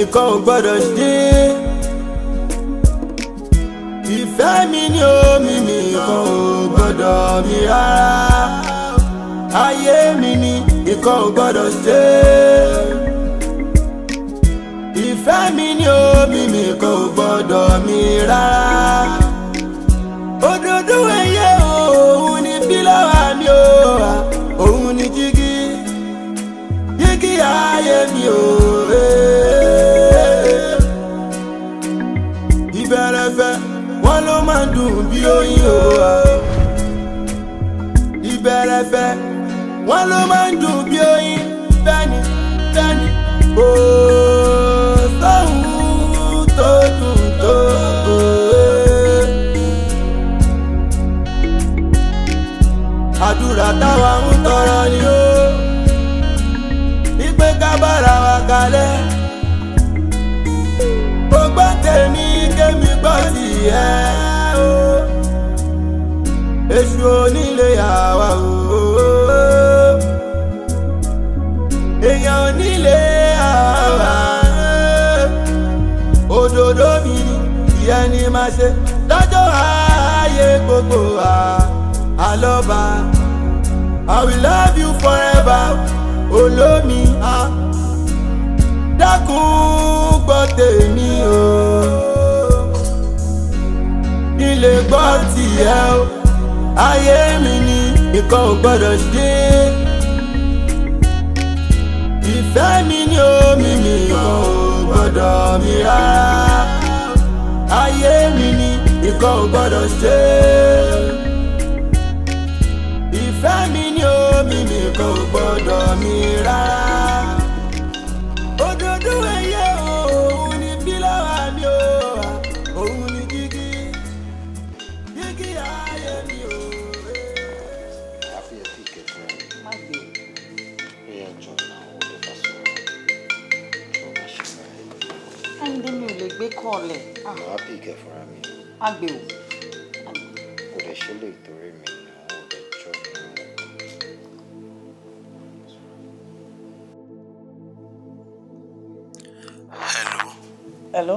nìkan ò gbọ́dọ̀ dé. ìfẹ́ mi ni omi mi nìkan ò gbọ́dọ̀ mi rárá. ayé mi ni nìkan ò gbọ́dọ̀ ṣe. ìfẹ́ mi ni omi mi nìkan ò gbọ́dọ̀ mi rárá. òdodo ẹyẹ òun ni bílọ́wà mi ò wá òun ni jígí jígí ayé mi ò. dùn bí oyin o wa. Ìbẹ̀rẹ̀bẹ̀ wọ́n ló máa ń dùn bí oyin bẹ́ẹ̀ni bẹ́ẹ̀ni o o. Àdúrà táwa ń tọrọ ni o ìpè ká bára wa kalẹ̀ ó gbọ́ tèmi kémi gbọ́ tìẹ èṣù onílé àwa ooo èèyàn onílé àwa òdòdó mi ìyẹn ni màá ṣe lọ́jọ́ ààyè gbogbo wa àlọ́ba I will love you forever olómi a dákun gbọ́ tèmi o ilé gbọ́ tìyẹ o ayé mi ni nǹkan ò gbọ́dọ̀ ṣe ìfẹ́ mi ni omi mi nǹkan ò gbọ́dọ̀ mi rárá ayé mi ni nǹkan ò gbọ́dọ̀ ṣe ìfẹ́ mi ni omi mi nǹkan ò gbọ́dọ̀ mi rárá. bọ̀lẹ̀. Ah. màá bí ìkẹfúnra mi. agbèwò. kò lè ṣe lè torí mi àwọn ọ̀dọ́jọ́ mi. hello. hello.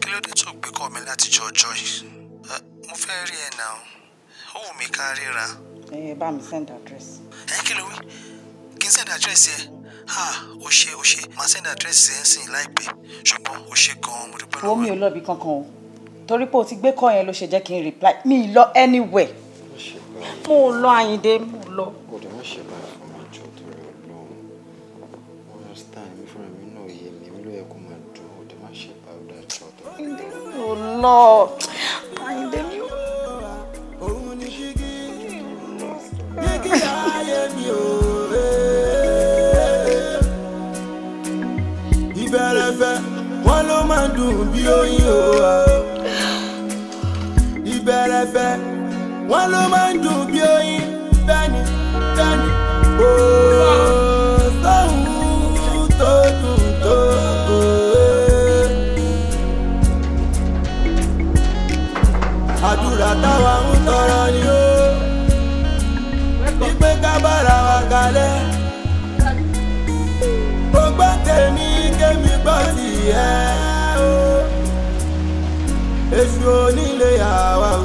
kí ló dé tó gbé kọ́ mi láti ọjọ́ yìí eh, mo fẹ́ rí ẹ náà ó wù mí ká ríra. ẹ bá mi send address. ẹ eh, kí ló wí kí n send address yẹn ah o ṣe o ṣe màá send address ẹ̀ ń sìn láìpẹ́ ṣùgbọ́n o ṣe gan-an mo dúpẹ́ lọ́wọ́. omi ò lọ bí kankan o torí pé o ti gbé kọ́ yẹn ló ṣe jẹ́ kí n reply mi lọ anywhere mo lọ Àyìndé mo lọ. bọ̀dọ̀ má ṣe báyìí fún mi jọ torí Ọlọ́run wọn yóò stan mi fúnra mi náà yé mi mi ló yẹ kó máa dùn ọ̀dọ̀ má ṣe báyìí ọ̀dọ̀ àjọ mo lọ. dùn bí oyin o ìbẹ̀rẹ̀bẹ̀ wọn ló máa ń dùn bí oyin bẹ́ẹ̀ni bẹ́ẹ̀ni ooo sóhun tó àdúrà táwa ń tọrọ ni ó wípé ká bára wa kalẹ̀ ó gbọ́ tèmi kémi gbọ́ tìyẹ́ èṣù onílé àwa.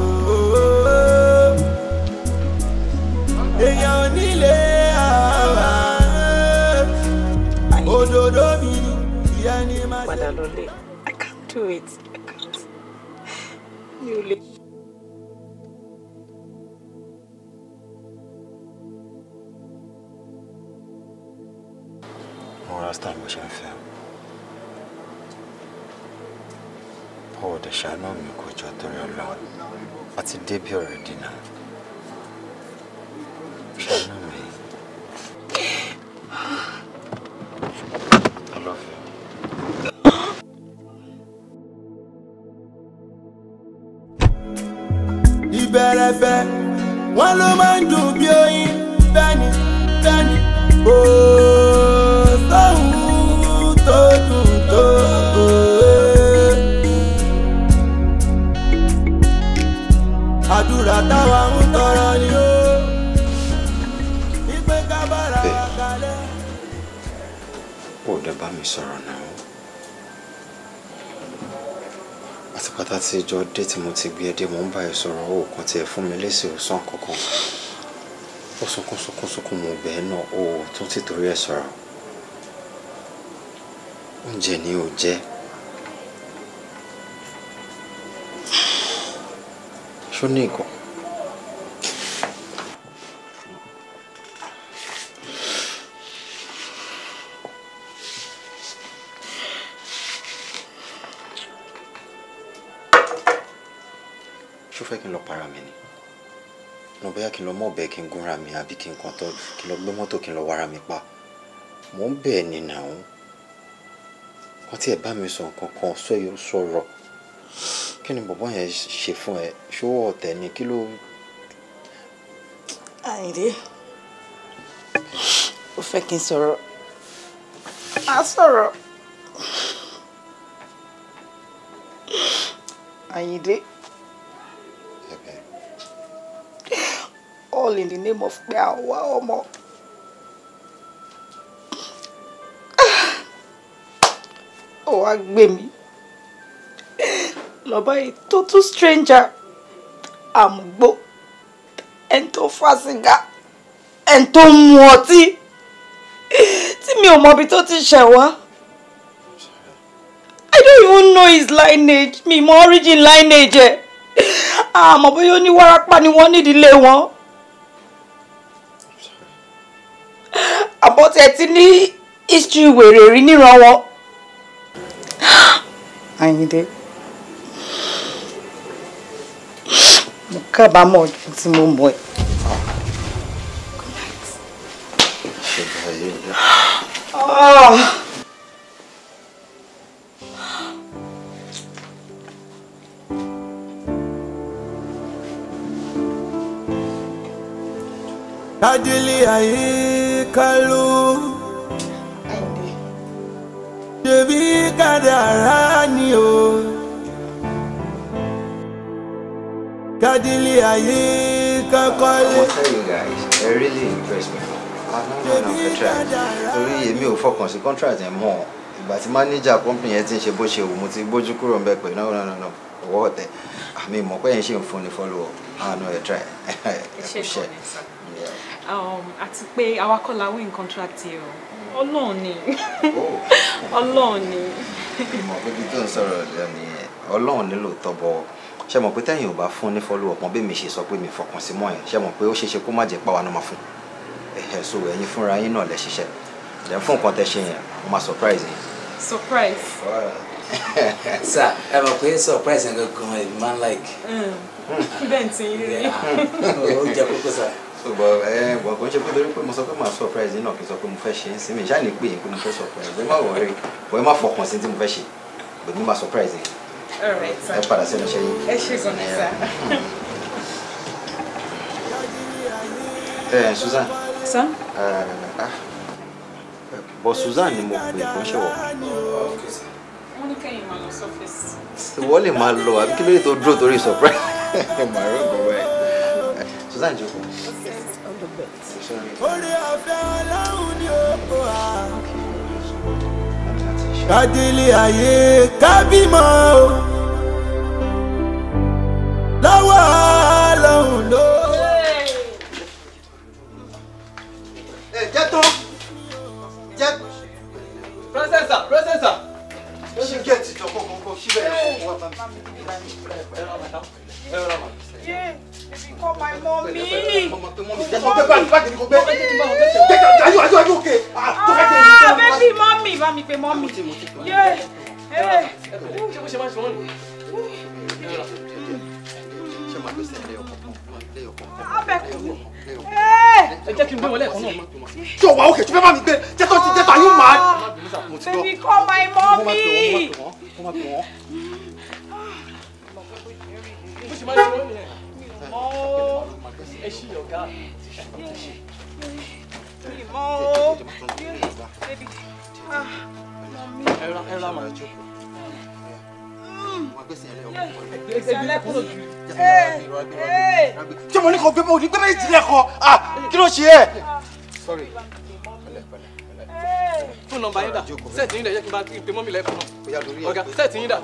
àti débi ọ̀rọ̀ dínà ṣàánú mi. I love you. ìbẹ̀rẹ̀bẹ̀ wọ́n ló máa ń dùn bí oyin bẹ́ẹ̀ ni ooo. táwa ń tọrọ ni ó. ìgbé kábàrà kalẹ̀. ó dẹ bá mi sọ̀rọ̀ náà pátápátá tí ìjọ dé tí mo ti gbé ẹ dé mò ń bá ẹ sọ̀rọ̀ ó kàn tiẹ̀ fún mi lésì ó sàn kankan ó sunkún sunkún sunkún mo bẹ̀ ẹ́ náà ó tún ti torí ẹ sọ̀rọ̀ oúnjẹ ni ò jẹ́ ṣó ní nǹkan. bóyá kí n lọ mọ ọ̀bẹ kí n gúnra mi àbí kí n kàn tọ kí n lọ gbé mọ́tò kí n lọ wára mi pa mò ń bẹ̀ ni nàún wọ́n ti ẹ̀ bá mi sọ nǹkan kan sọ yóò sọ̀rọ̀ kí ni bọ̀bọ́ yẹn ṣe fún ẹ ṣówó ọ̀tẹ̀ ni kí ló. àìdè ó fẹ́ kí n sọ̀rọ̀ á sọ̀rọ̀ àyíndé. all in the name of pé Omo. Oh, ah! ó wá gbé mi lọ́ba yìí stranger I'm ẹni tó fa sìgá ẹni tó mu ọtí tí mi ò mọbi tó I don't even know his lineage me my origin lineage ẹ̀ àmọ́ ah, bóyá ó ní wárápá ni wọ́n nídìílé wọn àbọ̀tẹ̀ ti ní history wèrè rí níran wọn. Àyìndé mo kábàámọ̀ ọdún tí mo mọ̀ ẹ́. Oh. tadili àyíkálú. ṣebí kádàrá ni o. tadili àyíkákọ́lé. What you guys? They really impressed me. torí èmi ò fọkàn sí contract yẹn mọ́ ìgbà tí manager company yẹn ti ń ṣe bó ṣe wù mo ti gbójú kúrò ń bẹ pé no no no no ọwọ́ ọ̀tẹ̀ àmì ìmọ̀pẹ́ yẹn ṣe ń fúnni follow up àánú ah, ẹ̀ try ẹ̀ kú ṣe. Um, àti pé àwa kọ́ la win contract yìí o ọlọ́run ni oh. ọlọ́run ni. ìmọ̀ pé bí tó ń sọ̀rọ̀ lẹ́nu yẹn ọlọ́run nílò tọ́bọ̀ ṣe mọ̀ pé tẹ́yìn ò bá fún ní follow up mọ́ bí mi ṣe sọ pé mi fọkàn sí mọ́ yẹn ṣe mọ̀ pé ó ṣeéṣe kó má jẹ́ pàwọn náà máa fún ẹ̀hẹ̀ so ẹ̀yin fúnra yín náà lẹ ṣiṣẹ́ lẹ́ fún nǹkan tẹ́ ṣe yẹn mo máa surprise yín. surprise. sir ẹ mọ̀ pé surprise yẹn gangan ẹ̀ máa ń like. Mm. bẹ́ẹ̀ ti rí. ó jẹ́ kókó sir ṣùgbọ́n ẹ wọ̀ kó ṣe pé torí pé mo sọ pé màá surprise yín náà kí n sọ pé mo fẹ́ ṣe é sí mi ṣáà ní pé pé mo fẹ́ surprise ẹ má wọrí wọ ẹ má fọkàn sí tí mo fẹ́ ṣe but mo máa surprise yín Suzanne. padà sẹ́nu ṣe Suzanne, ẹ ṣe gan ni sá. ẹ eh, Susan. sá. Eh, ah. bọ Susan ni mo pè kó ṣe wọ. wọ́n ní kẹ́yìn máa lọ sọ́fẹ́sì. wọ́n lè máa lọ orí ọ̀fẹ́ ọlọ́run ni òkò à. kádìlì ayé kábímọ o lọ́wọ́ ọlọ́run ló. ẹ jẹ́ tán jẹ́. pírọ́sẹ̀sà pírọ́sẹ̀sà. ṣé gẹ̀ẹ́tì tó kọ̀ọ̀kan kọ̀ síbẹ̀ ẹ̀ wọ́n bá mi. ẹ rọra ma. Call my mommy. Are you are you are you okay? Ah, ah baby, mommy, mommy, pe mommy. Yeah. Hey. Ṣé mo ṣe máa ń sọ wọ́n ni? Ṣé máa tó sẹ́yìn lẹ́yọ̀ kọ̀ọ̀kan? Lẹ́yọ̀ kọ̀ọ̀kan. Abẹ́kùn. Ẹ jẹ́ kí n gbé wọn lẹ́ẹ̀kan náà. Ṣé o wà ókè? Ṣé fẹ́ bá mi gbé? Jẹ́ tó ti jẹ́ tó ayé màá. Baby, call my mommy. Ah. Bó ṣe máa ń sọ wọ́n nìyẹn o ẹ ṣí ọ̀gá mi mọ́ o bébí ẹ̀rọ ẹ̀rọ àmàlà jókòó tí mo ní kò gbé bó ní gbé bẹ́ẹ̀ tilẹ̀ kọ kí ló ṣe ẹ́. fún nọ́mbà yín dà sẹ́ẹ̀tì yín dà yẹ kí n bá pe mọ́mí lẹ́kọ̀ọ́ náà ọ̀gá sẹ́ẹ̀tì yín dà.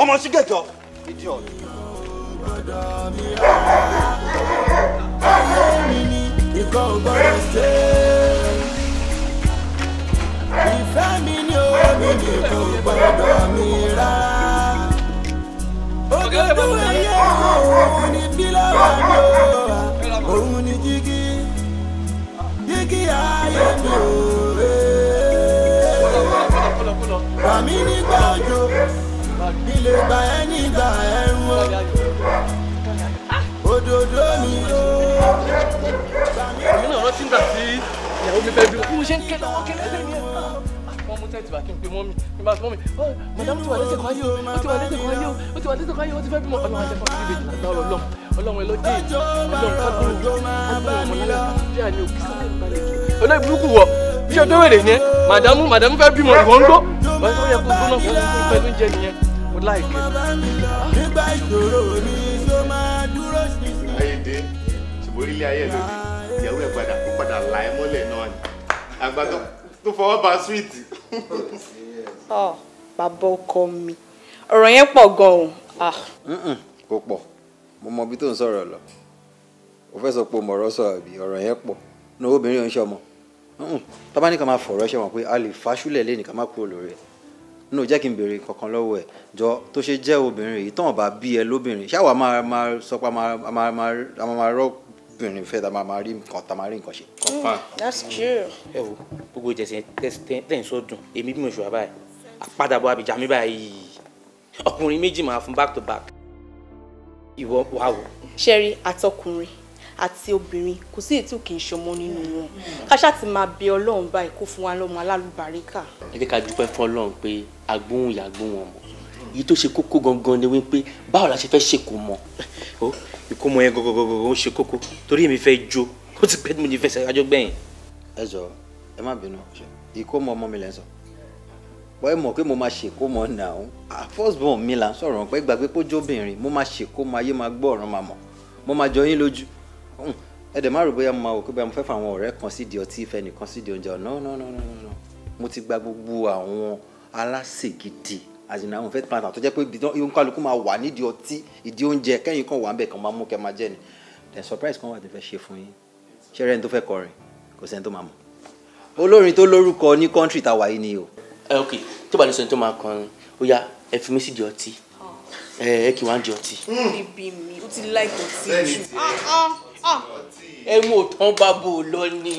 ọmọ sí gẹ̀jọ gbọ́dọ̀ mi rárá. ayé mi ni ikọ̀ ò gbọ́dọ̀ ṣe. ìfẹ́ mi ni omi ni ikọ̀ ò gbọ́dọ̀ mi rárá. ògèdè ayé òun ni Bàmí nígbà òjò, ilé gbà ẹ́ nígbà ẹ̀rùn rántí ìgbà tí ìyàwó mi fẹ́ bí wọn. mo ṣe ń kẹlẹ wọn kẹlẹ bẹ́ẹ̀ ni wọ́n mú tẹ́tì wá kí n pe mọ́mì mi bá sọ mọ́mì ọ oh, madam ti wà lẹ́sẹ̀ kan ayé o ó ti wà lẹ́sẹ̀ kan ayé o ó ti wà lẹ́sẹ̀ kan ayé o ó ti fẹ́ bímọ ọlọ́run àti ẹ̀fọn bíbí ìjìnlá lọ́rọ̀ ọlọ́run ọlọ́run ẹ lọ dé ọlọ́run kádùn kádùn ọmọlẹ́lá bí a ní òkè sílẹ̀ ìbálẹ̀ kí olóyè burúkú wọ̀ bí ọdún wèrè yẹn madamu madamu fẹ́ bímọ ìwọ ń gbọ́ wọ́n yẹ kó gbóná fún un pẹ̀lú oúnjẹ nìyẹn mo láìpẹ́. ayédè ṣùgbọ́n orílẹ̀ ayé lónìí ìyàwó ẹ̀ padà kó padà là ẹ́ mọ́lẹ̀ náà ni àgbà tó fọwọ́ bá sweet. ọ ah, bàbá ọkọ mi ọ̀rọ̀ yẹn pọ̀ gan-an. Ah. kò pọ̀ mo mọ ibi tó ń sọ̀rọ̀ lọ o fẹ́ sọ pé o mọ̀rọ̀ sọ àbí ọ̀rọ̀ yẹn pọ̀ ní obìnrin ò ń ṣọmọ tọ́ba ní ká máa fọ̀rọ̀ ṣe wọ́n pé a lè fàṣúlẹ̀ lé nìkan má kúrò lórí ẹ̀ nínú jẹ́ kí n béèrè kankan lọ́wọ́ ẹ̀ jọ tó ṣe jẹ́ obìnrin yìí tán bá bí ẹ lóbìnrin ṣáwa máa máa sọ pé a máa máa bìnrin fẹ́ tá a máa rí nǹkan tá a máa rí nǹkan ṣe. Mm, that's true. ẹ wo gbogbo ìjẹsìn tẹ̀sán sọ́dún èmi bí mo ṣùgbọ́n báyìí àpadàbọ̀ àbíjà mi báyìí ọkùnrin méjì máa fún back to back ìwọ wà wò. ṣẹ́rí àtọkùnrin àti obìnrin kò sí ètò kì í ṣọmọ nínú wọn káṣá ti máa bẹ ọlọ́run báyìí kó fún wa lọ́mọ alálùbáríkà. ẹ jẹ́ ká dúpẹ́ fún ọlọ́run pé agbóhùn ìyàgbóhùn ọmọ èyí tó ṣe kókó gangan ni wípé báwo la ṣe fẹ́ ṣe kò mọ̀ ó ìkómọ yẹn gọgọgọgọ ó ṣe kókó torí èmi fẹ́ jó ó ti pẹ́ tí mo ti fẹsẹ̀ rájọ́ gbẹ̀yìn. ẹ jọ ẹ má bínú ìkómọ ọmọ mi lẹ ń sọ pọ ẹ mọ̀ pé mo máa ṣèkómọ náà first born mi là ń sọ̀rọ̀ pé gbàgbé pójó obìnrin mo máa ṣèkómọ ayé máa gbọ́ ọ̀ràn máa mọ̀ mo máa jọ yín lójú hmm, ẹ dẹ̀ má rò bóyá mo máa wò pé bóyá mo fẹ́ fà àwọn ọ̀rẹ́ kan sídìí ọtí ìfẹ́ nìkan sídìí oúnjẹ no no no no no mo ti gba gbogbo àwọn alásè gidi àjìnà àwọn fẹ́ẹ́ pàtàkì tó jẹ́ pé ìdíwọ́n kálukú máa wà nídìí ọtí ìdí oúnjẹ kẹ́yìn kan wà ń bẹ̀ kan máa mú kẹ́ máa jẹ́ ni then surprise kan wà tó fẹ́ ṣe fún yín ṣé rẹ́ni tó fẹ́ kọrin kò sẹ́ni tó máa mọ̀ olórin tó lórúkọ ní country tàwa yìí ni o. ẹ eh, ok tó bá ní sọ ní tó máa kọrin ó yá ẹ fi mí sí di ọtí oh. eh, ẹ ẹ kì wá ń di ọtí. Hmm. bíbí mi ó ah, ah, ah. bá bò lọ ni.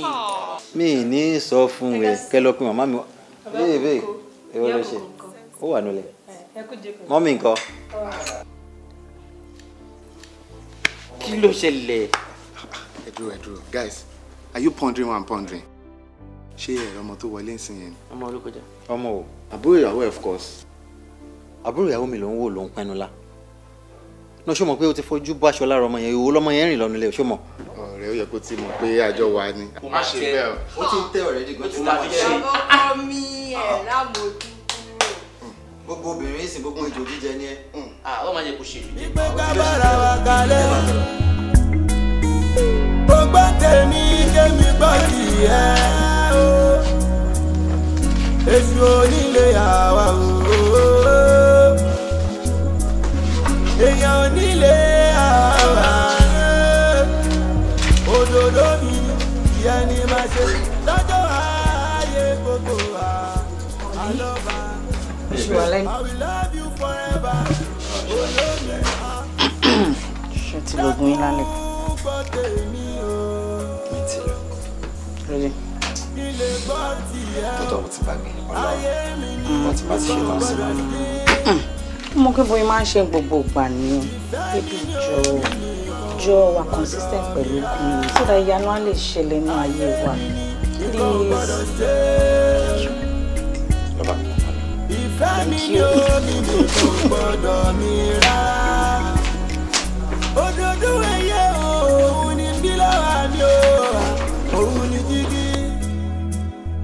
mi ní sọ fún ẹ kẹlọ pé màmá mi wá. bẹ́ẹ̀ bẹ́ẹ̀ ẹ wọ́n lọ ṣe ó wà nulẹ̀ mọ́mí nǹkan kí ló ṣẹlẹ̀. ẹ dúró ẹ dúró guys are you pondering and pondering ṣé ẹ ọmọ tó wọlé nsìn yẹn. ọmọ olókojá. ọmọ o. àbúrò ìyàwó ẹ of course. àbúrò ìyàwó mi ló ń wò ló ń pẹnu la náà ṣó mọ̀ pé o ti fojú bá aṣọ lára ọmọ yẹn ìwò lọmọ yẹn rìn lọ nílé ṣó mọ̀. ọ̀rẹ́ ó yẹ kó ti mọ̀ pé àjọ wa ni. kò má ṣe bẹ́ẹ̀ o. ó ti ń tẹ ọ̀rẹ́ dìgbò tí wọ́n ti ṣe. ọkọ mi ẹ̀ lámòdì gbogbo obìnrin sì gbogbo ìjò jíjẹ ni ẹ. Hmm. ó máa yẹ kó ṣe ìjì. ìpè ká bára wa kalẹ̀ ó gbọ́ tèmi kémi gbọ́ tìyẹ́ o èṣù onílé àwa o èèyàn onílé àwa òdòdó mi ìyẹn ni máa ṣe. ṣe wà lẹ́yìn. ṣé ti lògùn yín lálẹ́? mi ti lọ. lóye. tọ́tọ̀ mo ti bá gbé ọlọ́run wọ́n ti bá ti ṣe tán sí wa lọ. Mm. mo kí bóyá máa ń ṣe gbogbo ìgbà nìyẹn débi jọ jọ wa consistent pẹ̀lú kùn yìí sódà ìyanu á lè ṣẹlẹ̀ ní ayé wa please ìfẹ́ mi ni òbí kò gbọ́dọ̀ mi rárá. òdodo ẹyẹ òun ni bílọ́wà mi ò òun ni jígí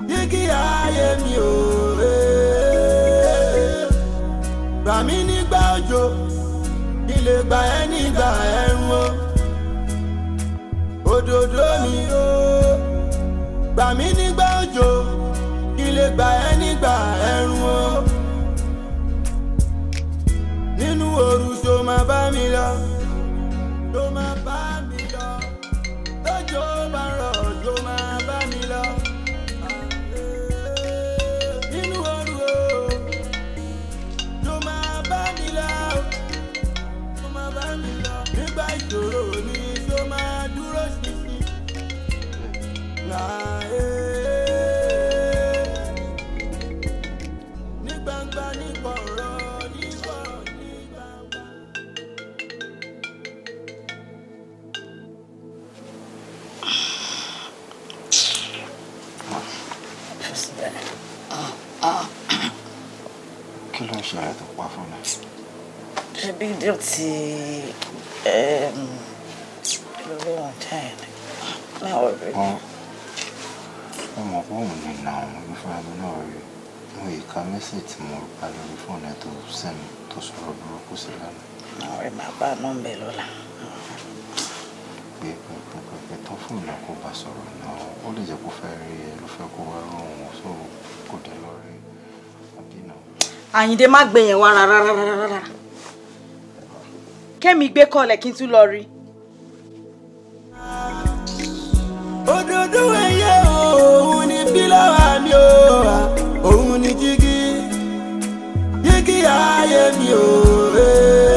jígí ayé mi ò gbà mí nígbà òjò ilé gbà ẹ́ nígbà ẹ̀rùn o òdodo mi o gbà mí nígbà òjò ilé gbà ẹ́ nígbà ẹ̀rùn o. nínú ooru tó máa bá mi lọ. ṣọ́ra tó pa fún mi. ṣebí ìdí ti lọ́wọ́ táyà náà ọ̀rẹ́. mo mọ̀ pé òun ni nà òun ní fúnra mi náà rí mo yìí ka mẹ́sẹ̀ tí mo pa lórí fóònù ẹ̀ tó sẹ́mi tó sọ̀rọ̀ burúkú sí lánàá. ọ̀rẹ́ màá bá nọ́mbẹ̀ lọ́la pé pẹpẹpẹpẹ tán fún ìlà kó bá sọ̀rọ̀ náà ó lè jẹ́ kó fẹ́ rí ẹ ló fẹ́ kó wá rọrùn sóò kó dé lọ́rọ̀ àyìndé má gbé yẹn wá rárá rárá rárá kẹ́mi gbé kọ́lẹ̀ kí n tún lọ rí. òdòdó ẹyẹ òun ni pílọ́wà mi ò wá òun ni jígí jígí ayé mi ò rèé.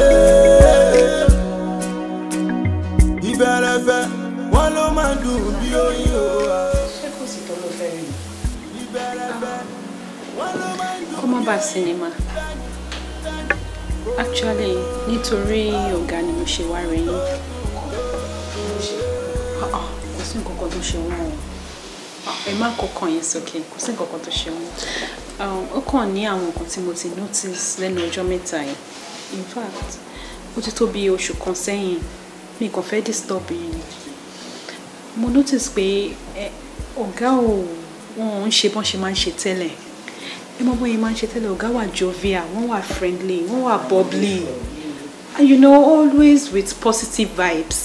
Nova Cinema. Actually, nítorí ọ̀gá ni mo ṣe wá rí yín. Ah, ah, kò sí nǹkan kan tó ṣe wọ́n o. Ah, ẹ má kọkàn yẹn sókè, kò sí nǹkan kan tó ṣe wọ́n. Um, ó kàn ní àwọn nǹkan tí mo ti notice lẹ́nu ọjọ́ mẹ́ta yìí. In fact, ó ti tó bí oṣù kan sẹ́yìn, mi kàn fẹ́ disturb yín. Mo notice pé ọ̀gá ò wọ́n ń ṣe bọ́n ṣe máa ń ṣe tẹ́lẹ̀ ẹ mọ bóyá máa ń ṣe tẹ́lẹ̀ ọ̀gá wà jovial wọ́n wà friendly wọ́n wà bubbly and you know always with positive vibes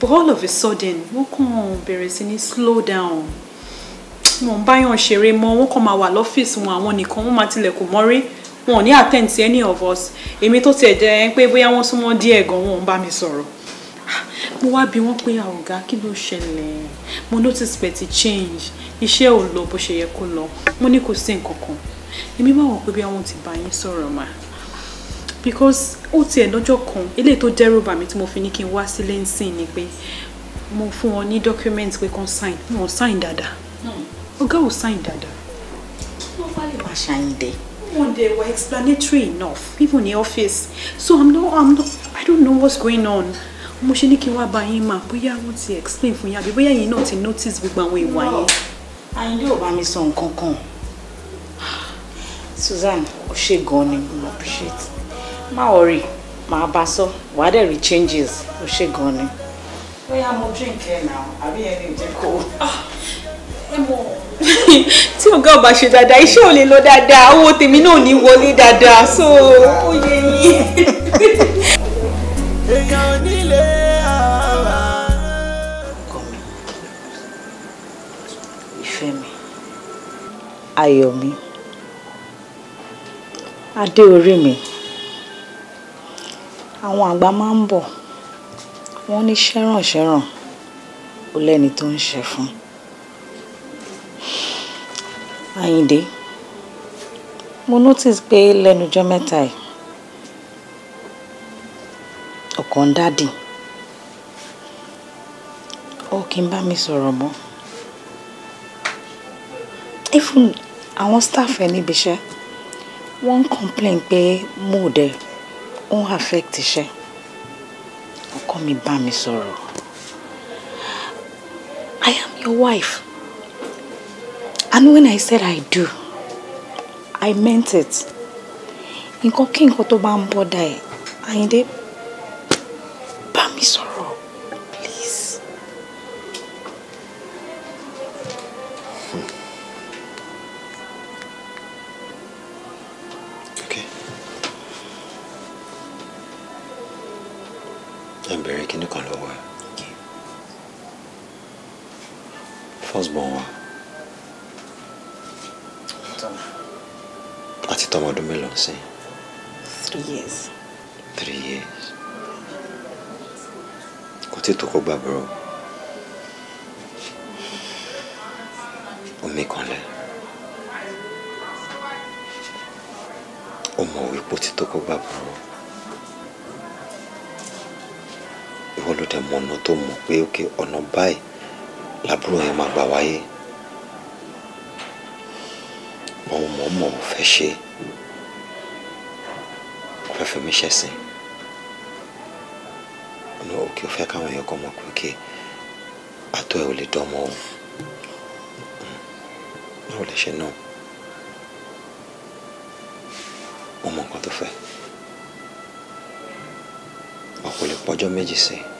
but all of a sudden wọ́n kàn bẹ̀rẹ̀ sí ní slow down wọn ń báyọ̀ ṣeré mọ́ wọ́n kàn máa wà lọ́fíìsì wọn àwọn nìkan wọ́n máa tilẹ̀kùn mọ́rí wọn ò ní attend to any of us èmi tó tiẹ̀ jẹ́ pé bóyá wọ́n súnmọ́ díẹ̀ gan wọn ò bá mi sọ̀rọ̀ ah, mo wá bi wọ́n pé ọ̀gá kí ló ṣẹlẹ̀ mo notice pé ti change iṣẹ́ ò lọ bó ṣe yẹ kó lọ mo ní kò sí nǹkan kan èmi bá wọn pé bí àwọn ti bá yín sọ̀rọ̀ mà because ó tiẹ̀ lọ́jọ́ kan eléyìí tó dẹ́rù bà mí tí mo fi ní kí n wá sílé ń sìn ni pé mo fún wọn ní document pé kan sign wọn sign dáadáa ọ̀gá ò sign dáadáa. wọ́n bá lè wá ṣàyìndẹ́. Well, they were explanatory enough, even in office. So I'm not, I'm not, I don't know what's going on. Mo ṣe ní kí n wá bá yín mà bóyá wọ́n ti explain fún yín àbí bóyá yín náà ti notice gbogbo àwọn ìwà yín. Àyìndé ò bá mi sọ nǹkan kan. Susan ó ṣe gan ni mo appreciate má worry máa bá sọ wàá dẹ̀ rí changes ó ṣe gan ni. bóyá mo drink ẹ náà àbí ẹni ò jẹ́ kó. Ah, tí ọ̀gá ọba ṣe dáadáa iṣẹ́ ò lè lọ dáadáa owó tèmi náà ò ní wọlé dáadáa so ó yẹ yín. èèyàn nílé ara. ọkọ mi ìfẹ́ mi ayọ̀ mi adé orí mi àwọn àgbà máa ń bọ̀ wọ́n ní ṣẹ́rànṣẹ́ràn ó lẹ́ni tó ń ṣe fún Àyìndé mo notice pé lẹ́nujọ́ mẹ́ta yìí ọkàn ń dádì ó kì í bá mi sọ̀rọ̀ mọ́ even àwọn staff ẹ̀ níbi iṣẹ́ wọ́n ń complain pé mood ẹ̀ ó ń affect iṣẹ́ ọkọ mi bá mi sọ̀rọ̀ I am your wife and when I said I do I meant it nǹkan kí nǹkan tó bá ń bọ́dà ẹ̀ Àyìndé bá mi sọ̀rọ̀. jẹ́ n béèrè kíní kan lọ́wọ́ ẹ̀ first born wa àti tọmọ ọdún mélòó sí. three years. three years kò tí tó kó gbàgbọ́rọ̀ omi kan lẹ̀ ó mọ̀ wípé ó ti tó kó gbàgbọ́rọ̀. dẹ̀ mọ ọ̀nà tó mọ̀ pé òkè ọ̀nà báyìí làbúrò yẹn máa gbà wáyé wọn ò mọ̀ọ́mọ̀ fẹ́ ṣe fẹ́ fi mí ṣẹ̀sìn ní òkè òfẹ́ káwọn èèyàn kọ́ mọ̀ pé òkè àtọ́ ẹ̀ ò lè dánmọ́ o mm-hmm. báwo lè ṣe náà mo mọ nǹkan tó fẹ́ ọ̀pọ̀ lè pọ́jọ́ méjì sí i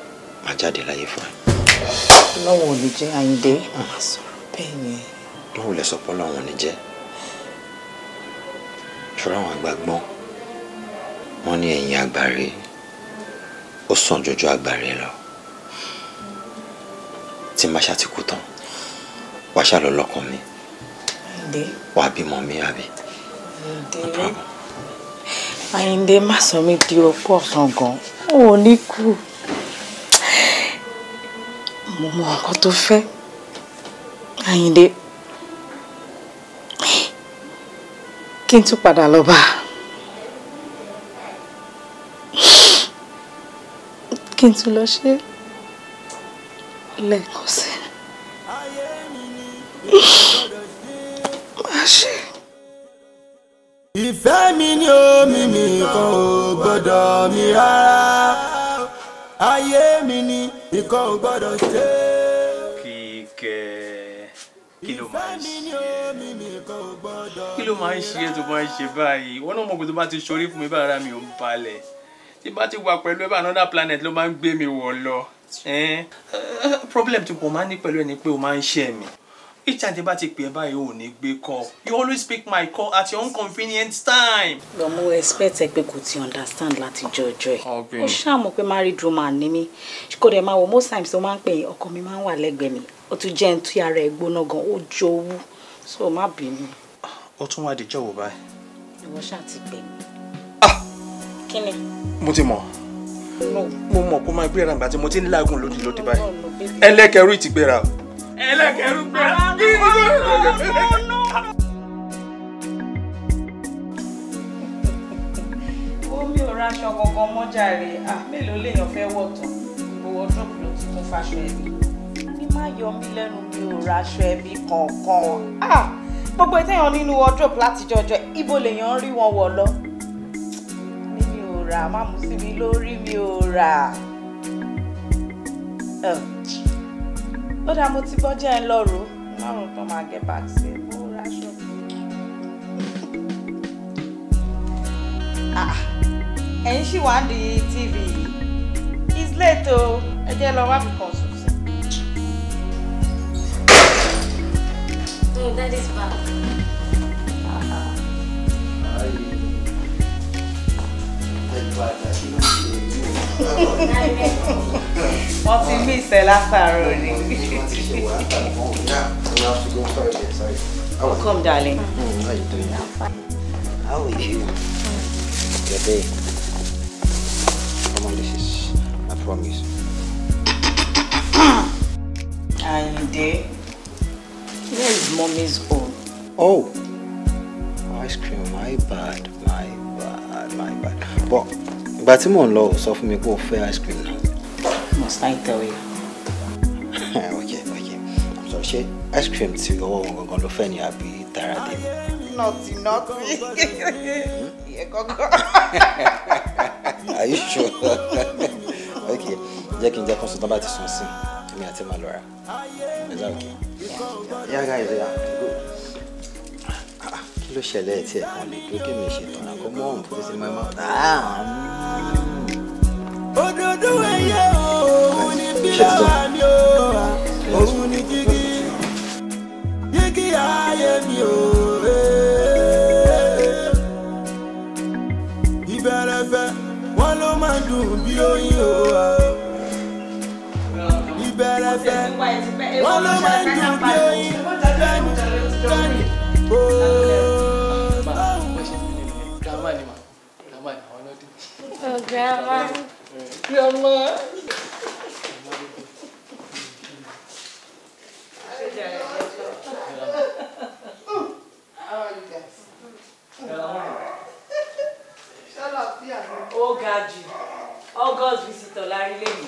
á jáde láyé fún ẹ. lọ́wọ́ òní jẹ́ àyíndé sọ̀rọ̀ bẹ́ẹ̀ yẹn. lọ́wọ́ lẹ sọ pé lọ́wọ́ òní jẹ́ ṣọ́ra àwọn àgbà gbọ́n wọ́n ní ẹ̀yìn àgbà rèé ó sàn jọjọ àgbà rèé lọ tí n bá ṣá ti kú tán wàá ṣá lọ lọ́kàn mi wàá bímọ mi àbí no problem. má sọ mí di opó ọ̀sán gan. Ó ní kú mo mọ nǹkan tó fẹ́ Àyìndé kí n tún padà lọ bá kí n tún lọ ṣe lẹ́ẹ̀kan sí máa ṣe. ìfẹ́ mi ni omi mi kan ò gbọ́dọ̀ mi rárá nǹkan ò gbọ́dọ̀ ṣe. kíkẹ́ kí ló máa ń ṣe kí ló máa ń ṣe tó máa ń ṣe báyìí wọn náà mọ̀ pé tó bá ti ṣorí fún mi bá mi ò ń balẹ̀ tí bá ti wà pẹ̀lú ẹ̀ bá another planet ló máa ń gbé mi wọ̀ lọ. problem tí kò máa ń ní pẹ̀lú ẹ̀ ni pé o máa ń ṣe mi each time tí bá ti pè é báyìí ò ní gbé call you always pick my call at your own convenient time. lọ mo expect ẹ pé kò ti understand láti jọ ọjọ́ ẹ ó ṣàmọ̀ pé married woman ni mí kò dẹ̀ máa wọ most times ó máa ń pè é ọkọ mi máa ń wà lẹ́gbẹ̀ẹ́ mi ó tún jẹ́ ń tú ara ẹ̀ gbóná gan ó jowú so má bínú. ó tún wá díjọ́ wò báyìí. ìwọ ṣáà ti pè mí. Ah! kí ni. mo ti mọ̀ mo mọ̀ kó máa gbéra nígbà tí mo ti ń lágùn lódì lódì báyìí ẹlẹ́kẹ̀rú ìtìgbéra o ẹlẹ́kẹ̀rú gbé. omi ò raṣọ kankan mọ́jà rè é mélòó lèèyàn fẹ́ wọ̀ tán gbogbo ọdún ló ti tún faṣọ ẹbí. ní má yọ mí lẹ́nu mi ò raṣọ ẹbí kankan gbogbo mi ò rà Oh ó dáa mo ti gbọ́ jẹ́ ẹ lọ́rùú márùn tán máa gẹ́ back sí mo ra aṣọ. Ah, ẹ̀yin ṣì wá tv yìí it's late o ẹ jẹ́ lọ wá bí kan sùn sí. that is bad. What you mí ìṣẹ́ látàárọ̀ ni. Welcome, darling. Mm, how are you doing? I'm How are you? Your day. Come on, this is, my promise. And day? where is mommy's own? Oh, ice cream, my bad, my But, but tí on ń so ò me go mi ice cream náà. must I tell you. okay okay i'm sorry ṣé ice cream ti ọwọ́ wọn gangan ló fẹ́ ni àbí tara dé. nọtì nọtì hmm? ìyẹn kankan. are you sure. okay jẹ́ kí n jẹ́ kó sọ tán bá ti sùn sí i èmi is that okay. yeah, yeah guys yeah. Good kí ló ṣẹlẹ̀ tí ẹ̀ kan lè dókè mi ṣe tọ̀nà kó mọ́ òun fún sí mọ́mọ́. òdòdó ẹyẹ òun ni bíláwà mi ò òun ni gígí gígí ayé mi ò. ìbẹ̀rẹ̀fẹ̀ wọn ló máa dùn bí oyin ò ìbẹ̀rẹ̀fẹ̀ wọn ló máa dùn bí oyin bẹ́ẹ̀ni Grandma. Grandma. Oh, ó ga jù august visitor la rí lẹ́yìn.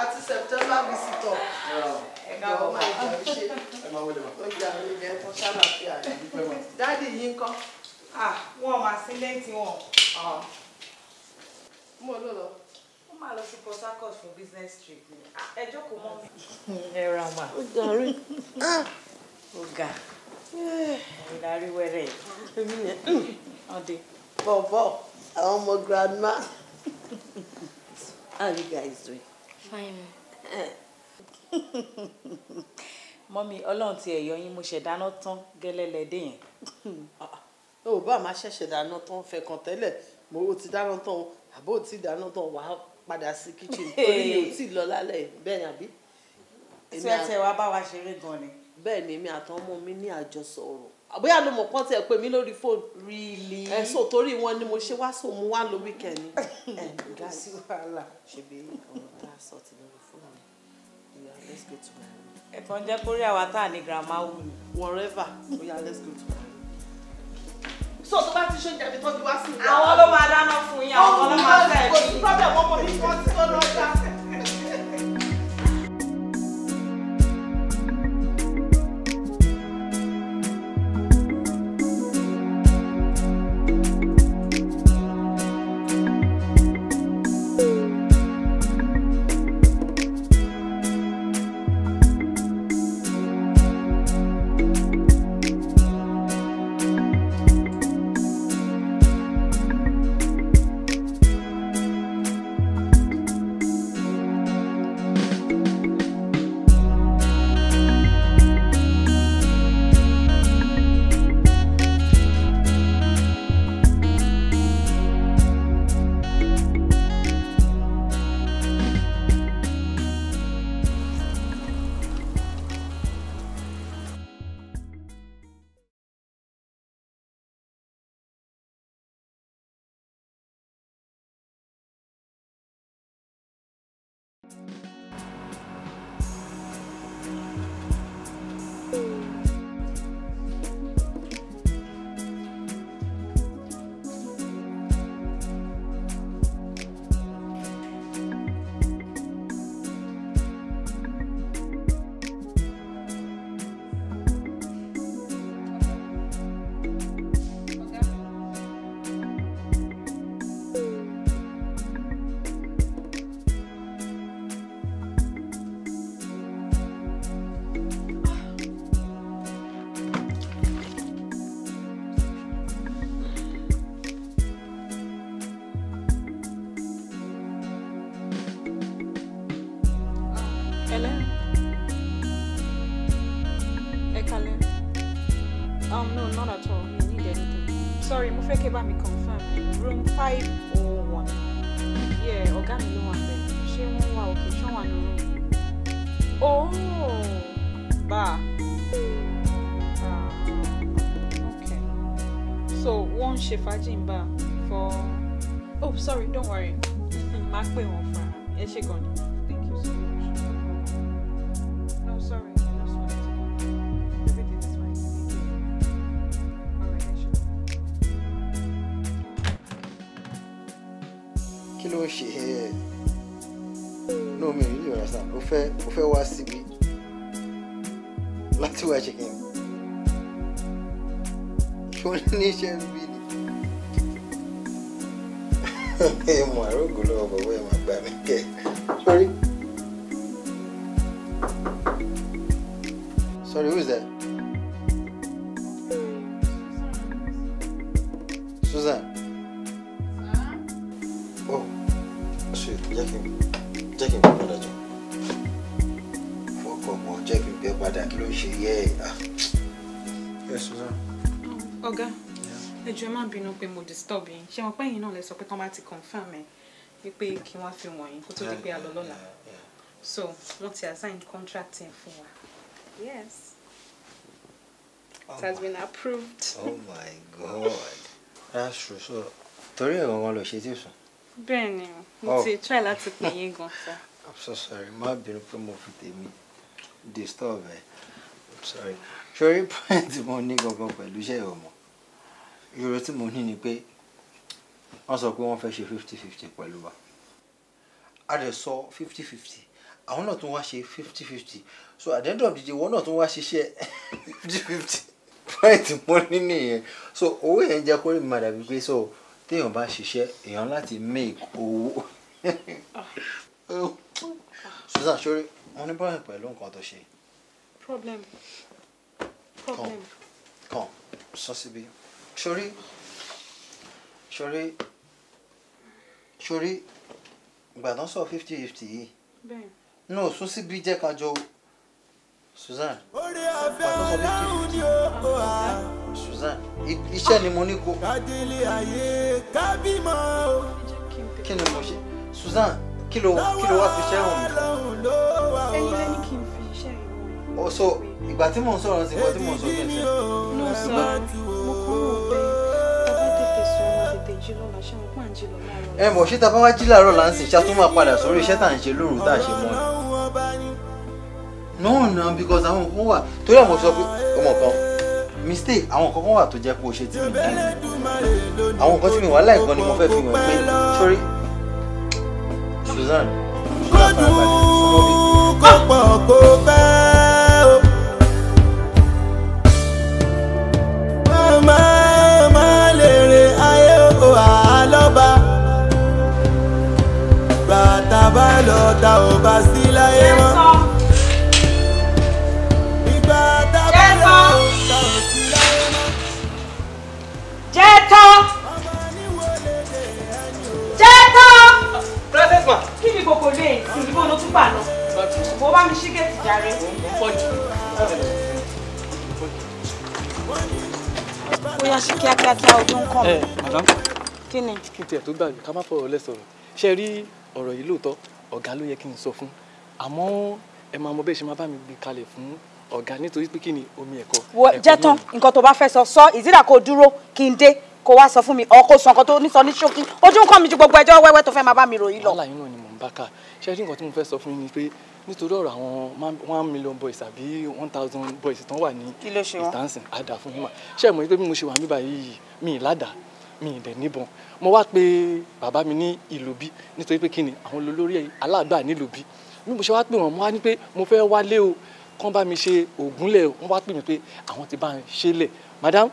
àti september visitor. ẹ̀ka ọ̀ máa jọ ṣe ó jà lórí ilẹ̀ ẹ̀kọ́ ṣáláfíà rẹ̀ dáàdi yìí ń kọ́. Ah. Ah! ọmọ grandma. How you guys doing? Fine. Eh. Mọ́mí ọlọ́run ti ẹ̀yọ́ yín mo ṣẹ̀ dáná tán gẹ́lẹ́lẹ́dẹ́ yẹn. Ó ah, ah. bá máa ṣẹ̀ṣẹ̀ dáná tán fẹ̀kàn tẹ́lẹ̀ mo ti dáná tán àbó tí dáná tán wàá padà sí kitchen torí yóò tí lọ lálẹ́ bẹ́ẹ̀ ni àbí. tí ẹ tẹ wá bá wa ṣeré gan ni. bẹ́ẹ̀ ni èmi àtọmọ mi ní àjọsọ̀rọ̀ àbóyá ló mọ̀ pọ́n tí ẹ pè mí lórí fóònù. rìlì ẹ so torí wọn ni mo ṣe wá so mu wá lo weekend ni. ẹ kò sí wàhálà. ṣebí ọ̀rọ̀ tá sọ ti lórí fóònù ìyá let's go to my room. ẹ̀kan jẹ́ kórè àwa tá a ní grandma wù. wọ̀rẹ́fà ó yá let's go to my room so tó bá ti ṣe oúnjẹ àbí tọ́jú wá sí. àwọn ló máa dáná fún yín àwọn ló máa tẹ̀ ẹ́. sorry mo fẹ́ kẹ́ bá mi confirm room five oh one yeah ọ̀gá mi ló wà bẹ́ẹ̀ ṣé wọ́n wà òkè ṣé wà ní room oh bá uh, okay so wọ́n ń ṣe fàájì ń bá for oh sorry don't worry máa pè wọ́n fún ẹ ṣe gan ni. understand o fẹ́ o fẹ́ wá síbi láti wá ṣe kí n ní iṣẹ́ níbí ni ẹ àrògùn lọ́wọ́ bọ̀wọ́ ẹ máa gbà mí kẹ́ sorry sorry is that. pé mo disturb yín ṣé wọn pé yín náà lè sọ pé tán bá ti confirm ẹ wípé kí wọ́n fi wọ̀nyí kó tó di pé a lọ lọ́la so wọ́n ti assign contract yẹn fún wa yes oh it has been approved. oh my god that's true so torí ẹ̀ gangan ló ṣe tí ì sùn. bẹ́ẹ̀ ni mo ti oh. try láti pè yín gan sa. i'm so sorry má bínú pé mo fi tèmi disturb ẹ i'm sorry Sorry, point mo ní gangan pẹ̀lú iṣẹ́ ìwọ̀n ìrò tí mo ní ni pé wọ́n sọ pé wọ́n fẹ́ ṣe fifty fifty pẹ̀lú wa a dẹ̀ sọ fifty fifty àwọn náà tún wá ṣe fifty fifty so at the end of the day wọ́n náà tún wá ṣiṣẹ́ fifty fifty right mo ní nìyẹn so owó yẹn jẹ́ kó lè má dàbí pé so téèyàn bá ṣiṣẹ́ èèyàn láti make owó susan sori mo ní problem pẹ̀lú nǹkan tó ṣe. problem problem. kan kan sọ síbi sori sori sori ìgbàdàn sọ fifty fifty yìí nù sún síbi jẹ́ ká jọ Suzanne ìgbàdàn sọ fifty fifty Susan, iṣẹ́ ni mo ní kó kí ni mo ṣe Suzanne kí ló kí ló wá fi ṣẹ́ hàn mí. ẹyin lẹ́ni kí n fi iṣẹ́ ìwọ̀n. Oh, so ìgbà tí mò ń sọ̀rọ̀ sí ìgbà tí mò ń sọ kí n sọ ẹ mọ̀ ṣé ta bá wá jí làárọ̀ là ń sìn ṣá tó máa padà sórí iṣẹ́ tá ń ṣe lóru tá à ṣe mọ́ no no because àwọn nǹkan wà torí àwọn sọ pé ọmọ kan mistake àwọn nǹkan kan wà tó jẹ́ pé o ṣe tí mi dá àwọn nǹkan tí mi wà láì ni mo fẹ́ fi hàn pé sórí Suzanne. gbọ́dún kọ́pọ̀ kó bẹ́ẹ̀. ò bá sí láyé mọ́. ìgbà tábà yóò ta ò sí láyé mọ́. jẹ́ tọ́. jẹ́ tọ́. princess ma. kí ni gbogbo lè sí ibo ló tún bà lọ. mo bá mi ṣí gẹ̀ẹ́tì jàre. bóyá ṣe kíákíá tí a ojú ń kàn eh, mí. kí ni. kí n tiẹ̀ tó gbàgbé ká má fọ̀rọ̀ lẹ́sọ̀rọ̀ ṣe rí ọ̀rọ̀ yìí lóòótọ́ ọ̀gá ló yẹ kí n sọ fún àmọ́ ẹ máa mọ bẹ́ẹ̀ ṣe máa bá mi gbé kalẹ̀ fún ọ̀gá nítorí pé kí ni omi ẹ̀kọ́. wo jẹ́ tán nǹkan tó bá fẹ́ sọ sọ ìdílà kó dúró kí n dé kó wá sọ fún mi ọ̀ kó sọ nǹkan tó ní sọ ní ṣókí ojú ń kọ́ mi ju gbogbo ẹjọ́ wẹ́wẹ́ tó fẹ́ máa bá mi ròyìn lọ. wàhálà náà ni mò ń bá kà ṣe rí nǹkan tí mo fẹ́ sọ fún yín ni pé nítorí ọ̀rọ̀ àwọn one million boys àbí one thousand boys tán wà ní ìtànsìn àdà fún yín mà ṣe é mọ̀ pé bí mo ṣe wà níbàyí mi ì ládàá mi ì dẹ̀ níbọn mo wá pe bàbá mi ní ìlú bí nítorí pé kíni àwọn olórí aláàgbà nílùú bí bí mo ṣe wá pè wọ́n mo wá ní pé mo fẹ́ wálé o kán bá mi ṣe ògúnlẹ̀ wọ́n wá pè mí pé àwọn ti bá ń ṣe lẹ̀ madam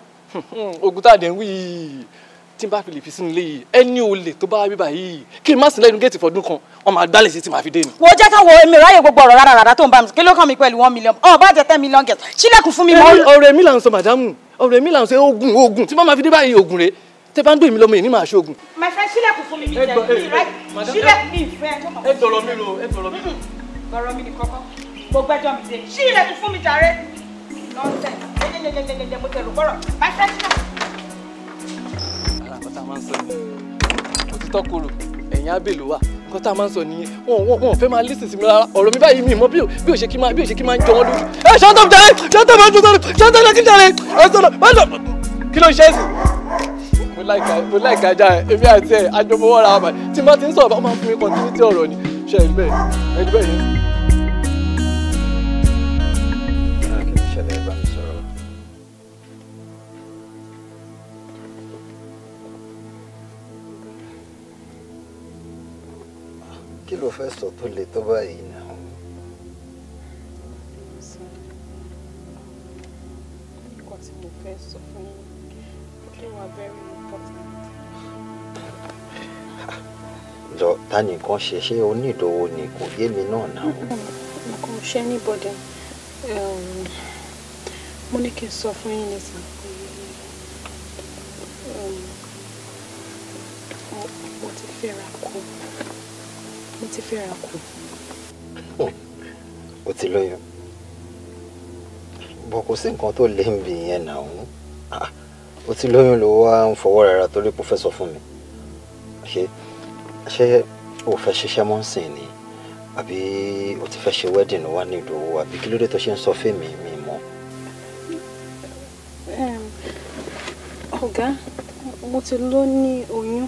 ogun tá a dẹ̀ ń wí tí n bá fi lè fi sínú ilé yìí ẹni olè tó bá wá bíbá yìí kí n má sí lẹ́nu géètì fọdún kan wọn máa gbálẹ̀ sí tí màá fi dé ni. wo jẹ́ ká wo èmi ráyè gbogbo ọ̀rọ̀ rárá rárá tó ń bá mi kí ló kàn mí pẹ̀lú one million ọ̀ bá ten million get sílẹ̀kùn fún mi. ọ̀rẹ́ mi là ń sọ màdámù ọ̀rẹ́ mi là ń sọ ogun ogun tí wọ́n máa fi dé báyìí ogun rèé tẹ bá ń gbé mi lọ́mọ yìí ní màá ṣoògùn. my friend ṣílẹ̀kùn fún mi mi jẹ́ mi right ṣílẹ̀kùn mi ìfẹ́. ẹ tọrọ mi lo ẹ tọrọ mi lo. bọ̀rọ̀ mi ni kọ́kọ́ gbogbo ẹjọ́ mi dé ṣílẹ̀kùn fún mi jàre nọ́ọ̀sẹ̀ ẹ̀ẹ́dẹ̀ẹ́dẹ̀ẹ́dẹ̀ mo tẹ̀lú bọ̀rọ̀ my friend ṣílẹ̀kùn. ara kọ́tà máa ń sọ ni òtítọ́ korò ẹ̀yìn abẹ́ ló wà nǹkan tá a máa ń sọ nìyẹn wọn wọn wọn fẹ́ máa lísìn sí mi rárá ọ̀rọ̀ mi báyìí mi mọ bí o ṣe kí máa bí o ṣe kí máa ń jọ wọn lójú. ẹ ṣọ́ńtọ̀ jàre ṣọ́ńtọ̀ máa ń jọ sọ́dọ̀ ṣọ́ńtọ̀ lọ́kì jàre ẹ sọ́dọ̀ kí ló ń ṣe é sí mo láìka ajá ẹ èmi àti ẹ àjọmọwọ́ ra àbàdì tí n bá ti ń sọ̀rọ̀ bá máa fún mi kọ́ńtínítì ọ̀rọ̀ ni ṣe ẹni bẹ́ẹ̀ ẹni bẹ́ẹ̀ ni. kí ló fẹ́ sọ tó le tó báyìí jọ ta ni nǹkan ṣe onídòwò ni kò yé mi náà náà. nǹkan ṣe anybody um, mo ní kí n sọ fún yín nísìnyí um, mo ti fẹ́ra kù mo ti fẹ́ra kù. o ti lóyún bọ̀ kò sí nǹkan tó lè ń bì yẹn náà o ah, ti lóyún ló wá ń fọwọ́ rárá torí kò fẹ́ sọ fún mi ṣé o fẹ́ ṣiṣẹ́ mọ́ ń sìn ni àbí o ti fẹ́ wedding wa ní ìdòwò àbí kí ló dé tó ṣe ń sọ fèmí mi mọ́. ọ̀gá mo ti lọ ní oyún.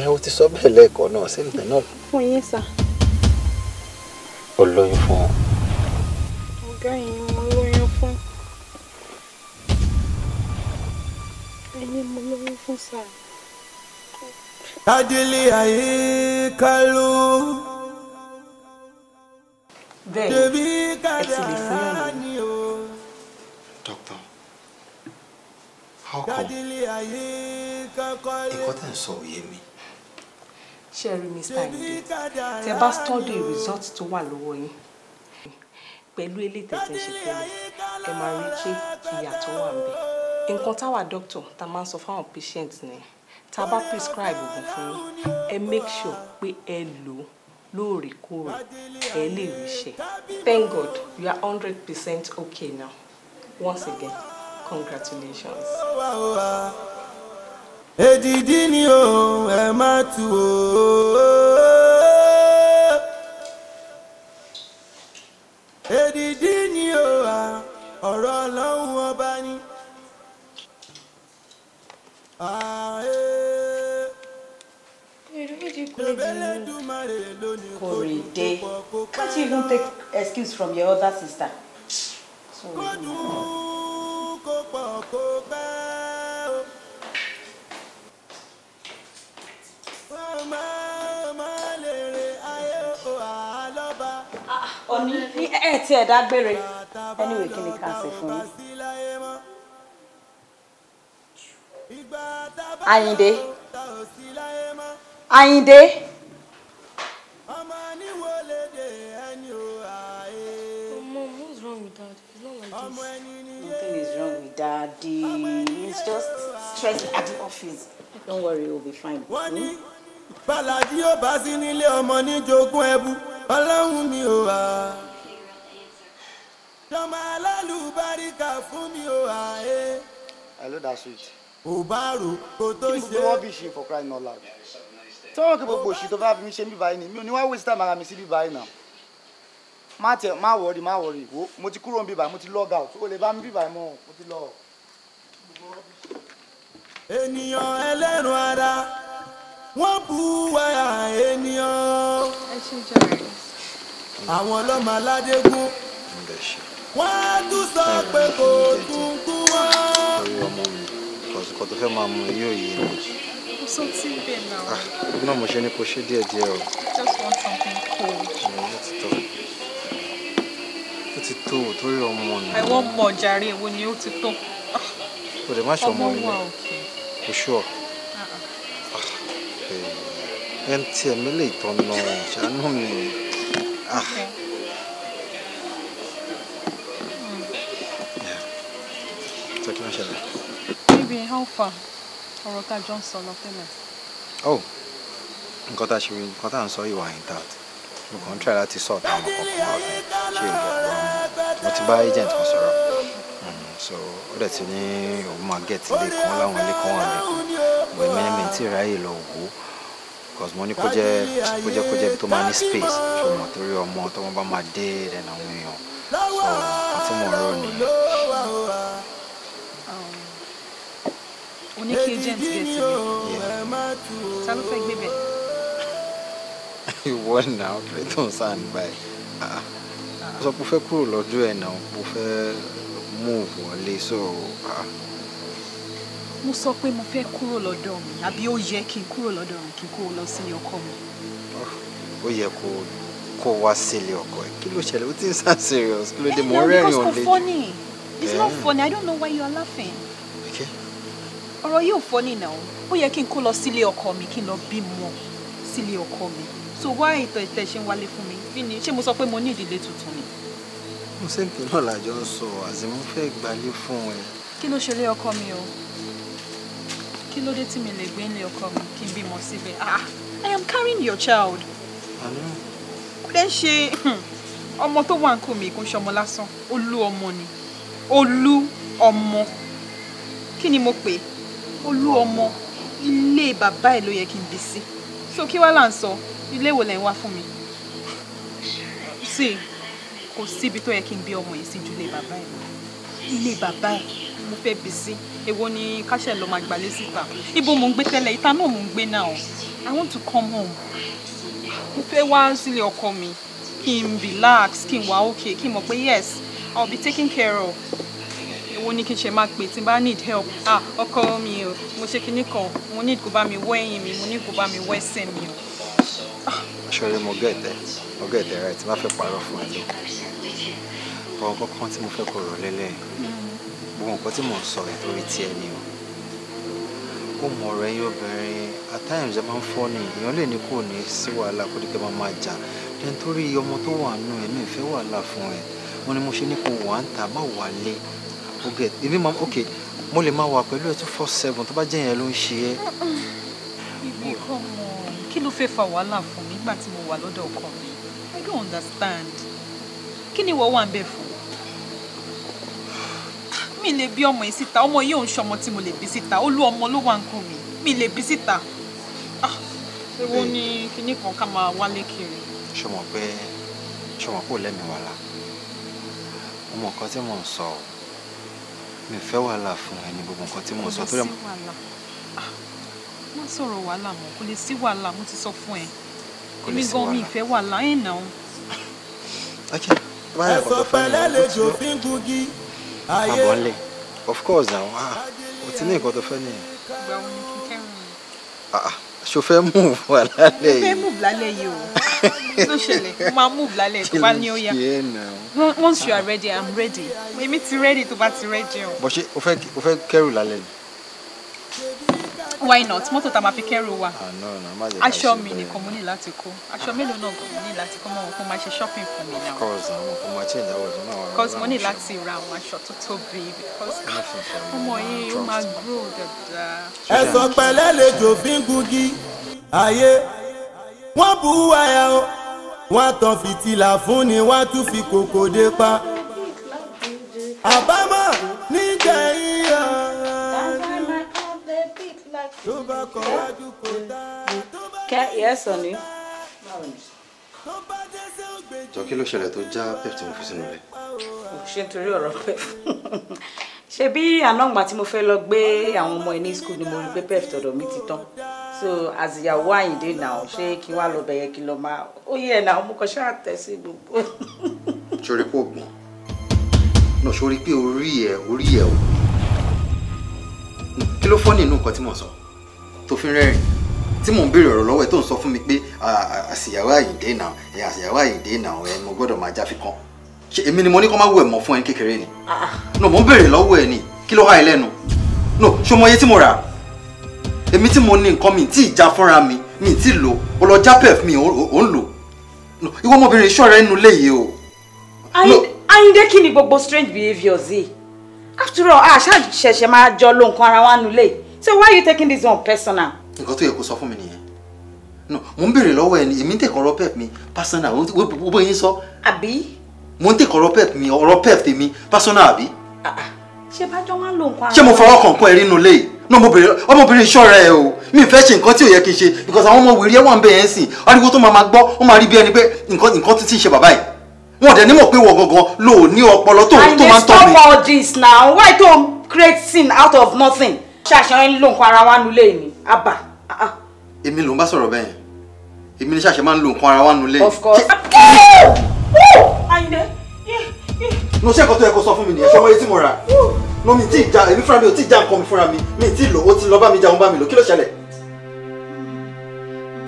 ẹ o ti sọ bẹ́ẹ̀ lẹ́ẹ̀kan náà same thing náà. fún yín sà. o lóyún fún ọ. ọ̀gá yìí mo lóyún fún. ẹ̀yin mo lóyún fún sáà adili ayé kalu. bẹ́ẹ̀ doctor how come nǹkan tẹ̀ ń sọ òye mi. ṣé ẹ rí mr ayinde tẹ bá study result tó wà lọ́wọ́ yín pẹ̀lú eléyìí tẹ̀sẹ̀ ṣe fún mi ẹ máa rí pé ìyàtọ̀ wà ń bẹ nǹkan táwa doctor tá máa ń sọ fáwọn patients nìyẹn tá a bá prescribe oògùn fún yín ẹ make sure pé ẹ lò ó lóòrèkóòrè ẹ lè rí ṣe thank god you are hundred percent okay now once again congratulations. èdìdí ni o ẹ má tu o. èdìdí ni o ọ̀rọ̀ ọlọ́run ọba ni. Korede, can't you even take excuse from your other sister? Oni, ah, Ọ̀ní ẹ̀ tí ẹ̀ dágbére. Anyway, kí ni ká ṣe fún yín? Àyìndé. Àyìndé. Mom, what's wrong with Dad? It's not like this. Nothing is wrong with Daddy. He's just stressed at the office. Don't worry, he'll be fine. Hmm? Bàlàjí ò bá sí nílé ọmọ níjogún ẹbú, ọlọ́run mi ò wá. Tọ́mọ alálùbáríkà fún mi ò wá. Hello, eh. that's sweet. Ò bá rò kó tó ṣe. Kí ni gbogbo wọ́n bí ṣe for crying out loud? tọ́wọ́ kí gbogbo òṣì tó bá fi mi ṣe ń bíbá yìí ni mi ò ní wá waste time ara mi sí bíbá yìí náà má tẹ má wọrí má wọrí ìwó mo ti kúrò ń bíbá mo ti log out o lè bá mi bíbá mọ́ mo ti lọ. ènìyàn ẹlẹ́nu ara wọ́n bu wáyà ènìyàn. àwọn ọlọ́mọ aládé gún wọ́n á tún sọ pé kò tún kú wọ́n. ọmọ mi kọ̀sìkọ̀ tó fẹ́ máa mú yóò yé mi kò sọ tí ah náà mo ṣe ni kò ṣe díẹ̀díẹ̀ just want something cold. Mm, ó ti tó ó ti tó o torí ọmọ mi. àìwọ́ mọ̀ jàre èwo ni ó ti tó. Ah, o lè má ṣe ọmọ mi náà kò ṣọ. ẹ ń tiẹ̀ mi lè tọ́ nà ṣàánú mi. Okay. Mm. Yeah. Take my shot. Baby, how far? ọ̀rọ̀ ká jọ ń oh nǹkan tá a ṣe nǹkan tá à ń sọ yìí ta mo kàn ń try láti sọ ọ̀tá àwọn kankan wà ṣé ìwọ mo ti bá agent kan sọ̀rọ̀ mm, so ó dẹ̀ ti ní òun máa get ilé kan láwọn ilé kan wà lẹ́kọ̀ọ́ bọ̀ èmi mi ti ráyè lọ wò ó because mo ní kó jẹ́ kó jẹ́ kó jẹ́ bí tó máa ní space ṣe mọ̀ torí ọmọ tó bá máa dé ẹ̀dẹ̀ àwọn èèyàn so àti mò ń nìyẹn oní kí agent get to me ta ló fẹ́ gbé bẹ̀. ìwọ náà kí ló tó ń sáà ní báyìí ah, ah. mo sọ pé mo fẹ́ kúrò lọ́jọ́ ẹ̀ náà mo fẹ́ move wọlé so. Ah. mo sọ pé mo fẹ́ kúrò lọ́dọ̀ mi àbí ó yẹ kí n kúrò lọ́dọ̀ mi kí n kúrò lọ sílé ọkọ mi. Oh, ó yẹ kó kó wá sílé ọkọ ẹ kí ló ṣẹlẹ̀ ó ti ń sá serious kí ló dé mo rẹ́rìn-ín òde. it's not funny it's yeah. not funny i don't know why you are laughing ọ̀rọ̀ yóò fọ́ nìyà o ó yẹ kí n kó lọ sílé ọkọ mi kí n lọ bímọ sílé ọkọ mi so wá ètò ìtẹ̀ ṣe ń wálé fún mi bí ni ṣé mo sọ pé mo ní ìdílé tuntun ni. mo sẹ́ǹkì náà làjọ ń sọ àzìmú fẹ́ gbalé fún ẹ. kí ló ṣe lé ọkọ mi o kí ló dé tí mi lè gbé ń lé ọkọ mi kí n bímọ síbẹ̀ ah I am carrying your child. kò dẹ́ ṣe hmm, ọmọ tó wà ń kó mi kò ń ṣọmọ lásán olú ọmọ ni olú ọmọ kí ni mo pè é olú ọmọ ilé bàbá ẹ̀ ló yẹ kí n bí sí so kí wá là ń sọ ilé wo lẹ̀ ń wá fún mi sí kò síbi tó yẹ kí n bí ọmọ yìí sí ju ilé bàbá ẹ̀ ilé bàbá ẹ̀ mo fẹ́ bí sí èwo ni káṣẹ́ lọ máa gbalẹ̀ síta ibo mò ń gbé tẹ́lẹ̀ ìta náà mò ń gbé náà I want to come home mo fẹ́ wá sílé ọkọ mi kí n relax kí n wá òkè kí n mọ̀ pé yes I'll be taken care of owó ní kí n ṣe máa pè tí n bá need help ah ọkọ mi o mo ṣe kinní kan mo need kó bá mi wọ ẹ̀yìn mi mo need kó bá mi wọ ẹsẹ̀ mi o. Ah. ṣọlẹ mo gẹ ẹtẹ mo gẹ ẹtẹ rẹ tí má fẹ́ parọ́ fún ẹ lọ bọ ọkọ kan tí mo fẹ́ kó rọ lẹlẹ gbogbo nǹkan tí mò ń sọ rẹ lórí tiẹ̀ ni o ó mọ ọ̀rọ̀ ẹ̀yin obìnrin at times ẹ máa ń fọ́ ni èèyàn lè ní kò ní sí wàhálà kó dìgbà máa jà nítorí ọmọ tó wà nù ẹ ìfẹ́ wàhálà fún ẹ wọn ni mo ṣe ní kó wà ń tà má wà lé o get ibi ma ok mo lè máa wà pẹ̀lú ẹ two four seven tó bá jẹ́ yẹn ló ń ṣe ẹ́. ibi kan mọ kí ló fẹ́ fa wàhálà fún mi nígbà tí mo wà lọ́dọ̀ ọkọ mi i don't understand kí ni ìwọ wà ń bẹ fún mi lè bí ọmọ yìí síta ọmọ yìí ò ń ṣọmọ tí mo lè bí síta olú ọmọ ló wà ń kún mi mi lè bí síta ah. ewo ni kinní kan ká máa wálé kiri. ṣọmọ pé ṣọmọ kò lẹ́mìí wàhálà ọmọ kan tí mò ń sọ ọ́ mi fẹ́ wàhálà fún ẹni gbogbo nǹkan tí mo sọ tó rẹ̀ mọ́. má sọ̀rọ̀ wàhálà mọ́ kò lè sí wàhálà mo ti sọ fún ẹ èmi gan mi ìfẹ́ wàhálà ẹ̀ nà ó. ẹ̀sọ́ pẹ̀lẹ́ lè jò fi ń gungi. àbọ̀nlé of course now ah, o ti ní nǹkan tó fẹ́ nìyẹn. ìgbà wo kí n ṣo fẹ́ move wà lálẹ́ yìí. mo fẹ́ move lálẹ́ yìí o ló ṣẹlẹ̀ mo máa move lálẹ́ tó bá ní ó once you are ready i'm ready èmi ti ready tó bá ti ready o. bó ṣe o fẹ́ kẹrù lálẹ́ ni why not mọ́tò tá a máa fi kẹ́rù wa ah, aṣọ mi nìkan mo ní láti kó aṣọ mélòó náà mo ní láti kó mọ àwọn kan máa ṣe shopping fún mi náà because mo ní láti ra àwọn aṣọ tó tóbi because ọmọ yìí ó máa grow dáadáa. ẹ̀sọ́ pẹ̀lẹ́ lè jò fi ń gungi ayé wọ́n bu wáyà o wọ́n tan fìtílà fún ni wọ́n tún fi kòkòdé pa àbámọ̀. tó bá kọ wájú kò dá tó kí ló ṣẹlẹ̀ tó já pep tí mo fi sínú rẹ̀. ṣé nítorí ọ̀rọ̀ pep ṣe bí ànágbà tí mo fẹ́ lọ gbé àwọn ọmọ ẹ̀ ní school ni mo rí pé pep tọ̀dọ̀ mi ti tán so àzìyàwó àyìndé náà ṣé kí wàá lọ bẹ̀yẹ kí lọ máa ó yẹ náà mo kàn ṣáà tẹ̀ sí gbogbo. sori pé oògùn náà sori pé orí ẹ orí ẹ o kí ló fọ́ nínú nǹkan tí mo sọ tó fi rẹ́rìn tí mò ń béèrè ọ̀rọ̀ lọ́wọ́ ẹ̀ tó ń sọ fún mi pé àṣìyàwó àyìndé náà ẹ̀ àṣìyàwó àyìndé náà ẹ̀ mo gbọ́dọ̀ máa jáfi kan ṣe èmi ni mo ní kó má wù ẹ̀ mọ́ fún ẹ kékeré ni ah, ah. no mò ń béèrè lọ́wọ́ ẹ̀ ni kí ló há ẹ lẹ́nu no ṣó mọ iye tí mo rà èmi tí mo ní nǹkan mi tí ìjà fúnra mi mi tí lò ó lọ jápẹ̀ fún mi ò ń lò ìwọ ọmọbìnrin ṣọ́ra ẹnu léyìí o. àyìndé kí ni gbogbo strange behaviours yìí after all àṣà ṣẹ̀ṣẹ̀ máa jọ lo nǹkan ara wa nulẹ̀ yìí So why are you taking this on personal? Nǹkan tó yẹ kó so fún mi nìyẹn. No, mo ń béèrè lọ́wọ́ ẹ ni èmi ń pep mi personal wo bó yín sọ. Àbí? Mo ń tẹ̀kọ̀ ọ̀rọ̀ pep mi ọ̀rọ̀ pep tèmi personal àbí? Ah, ah. Ṣé bájọ́ máa ń lo nǹkan ara? Ṣé mo fọwọ́ kàn pọ́n ẹ̀rí nu léyìí? náà ọmọbìnrin ṣọ́ra ẹ o mi fẹ́ ṣe nǹkan tí ò yẹ kí n because àwọn ọmọ wìrì ẹ wà ń bẹ yẹn sìn ariwo tó máa ma gbọ́ ó máa rí bí ẹni pé nǹkan nǹkan títí ṣe bàbá yìí wọn ò dẹ̀ nímọ̀ pé wọ̀ gangan ló ní ọpọlọ tó máa ń tọ́ mi. and stop all this now why to create sin out of nothing ṣàṣẹ ń lo nǹkan ara wa nulẹ̀ ni àbà. Ah, ah. èmi ló ń bá sọ̀rọ̀ bẹ́ẹ̀ èmi ni ṣàṣẹ máa ń lo nǹkan ara wa nulẹ̀. of course. Àyìndé. no ṣé ẹ̀kọ́ tó yẹ sọ fún mi nìyẹn ṣọwọ́ etí mo rà no mi ti ja èmi fúnra mi ò ti ja nǹkan mi fúnra mi mi ti lò ó ti lọ bá mi ja òun bá mi lò kí ló ṣẹlẹ̀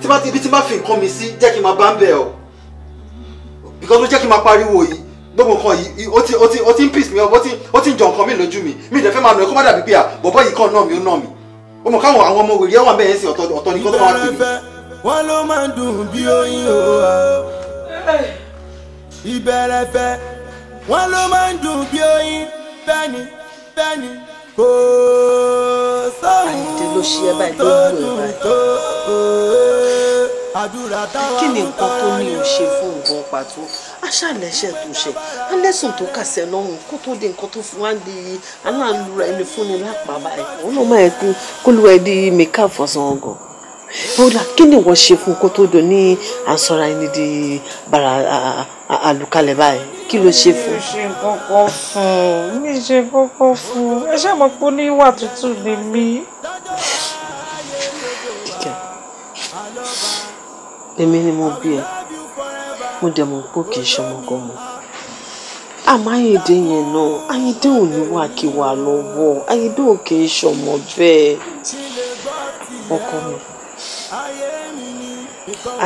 tí bá ti ibi tí bá fi nǹkan mi sí jẹ́ kí n máa bá ń bẹ̀ ọ́ because ló jẹ́ kí n máa pariwo yìí gbogbo nǹkan yìí ó ti ó ti ó ti ń piss mi ó ti ó ti ń jọ nǹkan mi lójú mi mi ìdẹ̀fẹ́ máa nù ẹ́ kó má dàbí pé à bọ̀bọ̀ yìí kàn náà mi ó náà mi ó mọ̀ káwọn àwọn ọmọ wèrè ẹ̀ wà bẹ́ẹ̀ ń sìn ọ̀tọ̀ ọ̀tọ̀ ní kó máa pè mí. wọn ló máa ń dùn bí oyin o wa ìbẹ̀rẹ̀ fẹ́ wọn ló máa ń dùn bí oyin fẹ́ni fẹ́ni kò sóhun tó dùn tó àdúrà táwa kí ni nǹkan tó ní o ṣe fún nǹkan pàtó aṣáàlẹ́ṣẹ̀ tó ṣe alẹ́sùn tó kàṣẹ lọ́rùn kó tó di nǹkan tó fún wa di aláàlúra ẹni fúnni lápá báyìí. òun náà máa kú kó ló wẹ di mẹ́kà fọ̀sán ọgàn ọ̀la kí ni wọ́n ṣe fún kó tó dùn ní àǹsọ̀ra ẹni di bara àlùkalẹ̀ báyìí kí ló ṣe fún. mi ṣe kọ́kọ́ fún mi ṣe kọ́kọ́ fún ẹ ṣàmọ̀ pé ó ní ìwà tútù lèmi èmi ni mo bí ẹ mo dẹ̀ mọ̀ pé kì í ṣọmọkọ́mọ àmọ́ Ayíǹde yẹn náà Ayíǹde ò ní wà kí wà lọ́wọ́ Ayíǹde ò kì í ṣọmọ bẹ́ẹ̀ ọkọ mi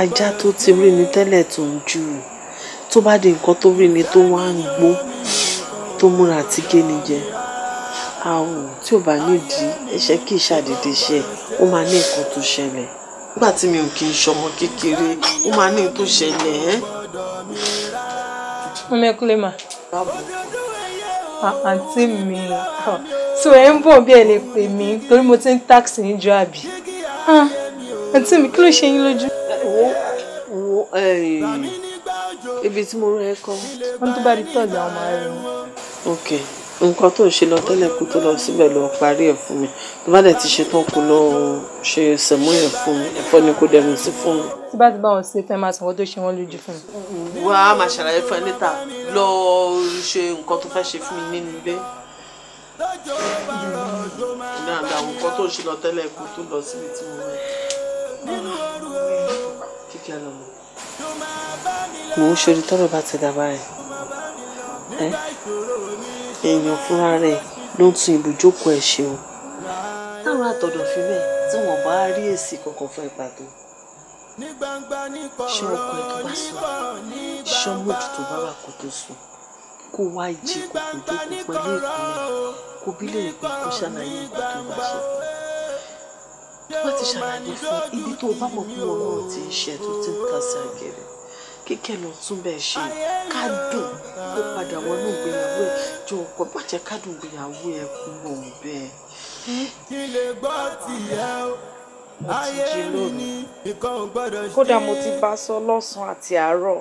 ajá tó ti rí ni tẹ́lẹ̀ tó ń jù tó bá di nǹkan tó rí ni tó wá ń gbó tó múra àti géni jẹ àwọn tí ò bá nídìí ẹ̀ṣẹ̀ kì í ṣàdédé ṣe ó máa ní nǹkan tó ṣẹlẹ̀ nígbà tí mi ò kì í ṣọmọ kékeré ó máa ní tó ṣẹlẹ̀ ẹ́. ọmọ ẹkúlẹ̀ mà àǹtí mi tí ah, ẹ ń bọ̀ bí ẹ lè pè mí torí mo ti ń táàkì níjọ àbí ah, àǹtí mi kí ló ṣe yín lójú. Eh, wo wo eh, ibi tí mo rẹ kọ. wọ́n tó bá di tọ́jú àwọn ọmọ rẹ̀. okay nǹkan tó ń ṣe lọ tẹ́lẹ̀ kó tó lọ síbẹ̀ lọ parí ẹ̀ fún mi tó bá dẹ̀ ti ṣe tán kó lọ ṣe sẹ̀mú ẹ̀ fún mi ẹ̀fọ́ ni kò dẹ̀rùn sí fún mi. tí bá ti bá wọn ṣe fẹ́ máa sanwó tó ṣe wọ́n lójú fún mi. wà á máa ṣàlàyé fún ẹ níta lọ ṣe nǹkan tó fẹ́ ṣe fún mi nínú ilé. dáadáa nǹkan tó ń ṣe lọ tẹ́lẹ̀ kó tó lọ síbi tí mo rẹ̀ kíkẹ́ ń ṣe orí tọ́rọ̀ bá ti dà báyìí èèyàn fúnra rẹ̀ ló ń tún ibùjókòó ẹ̀ ṣe o táwọn àtọ̀dọ̀ fi bẹ́ẹ̀ tí wọ́n bá rí èsì kankan fún ẹ pàtó ṣé ọkọ ẹ tó bá sùn ṣé ọmọdé tó bá wà kó tó sùn kó wá jí kòkò tó kó pẹ̀lú ìpínlẹ̀ kó bí lè pé kó ṣàlàyé nǹkan tó bá ṣe fún tó bá ti ṣàlàyé fún ibi tó bá mọ̀ pé ọ̀rọ̀ ti ṣe tó ti ń kásẹ̀ àgẹ̀rẹ̀ kíkẹ́ lọ tún bẹ́ẹ̀ ṣe kádùn kó padà wọnú ìgbéyàwó ẹ̀ jọ ọkọ̀ bàjẹ́ kádùn ìgbéyàwó ẹ̀ kú mọ̀ bẹ́ẹ̀. kí lè gbọ́ tìyà o ayé mi ni nǹkan ò gbọ́dọ̀ ṣe. kódà mo ti bá a sọ lọ́sàn-án àti àárọ̀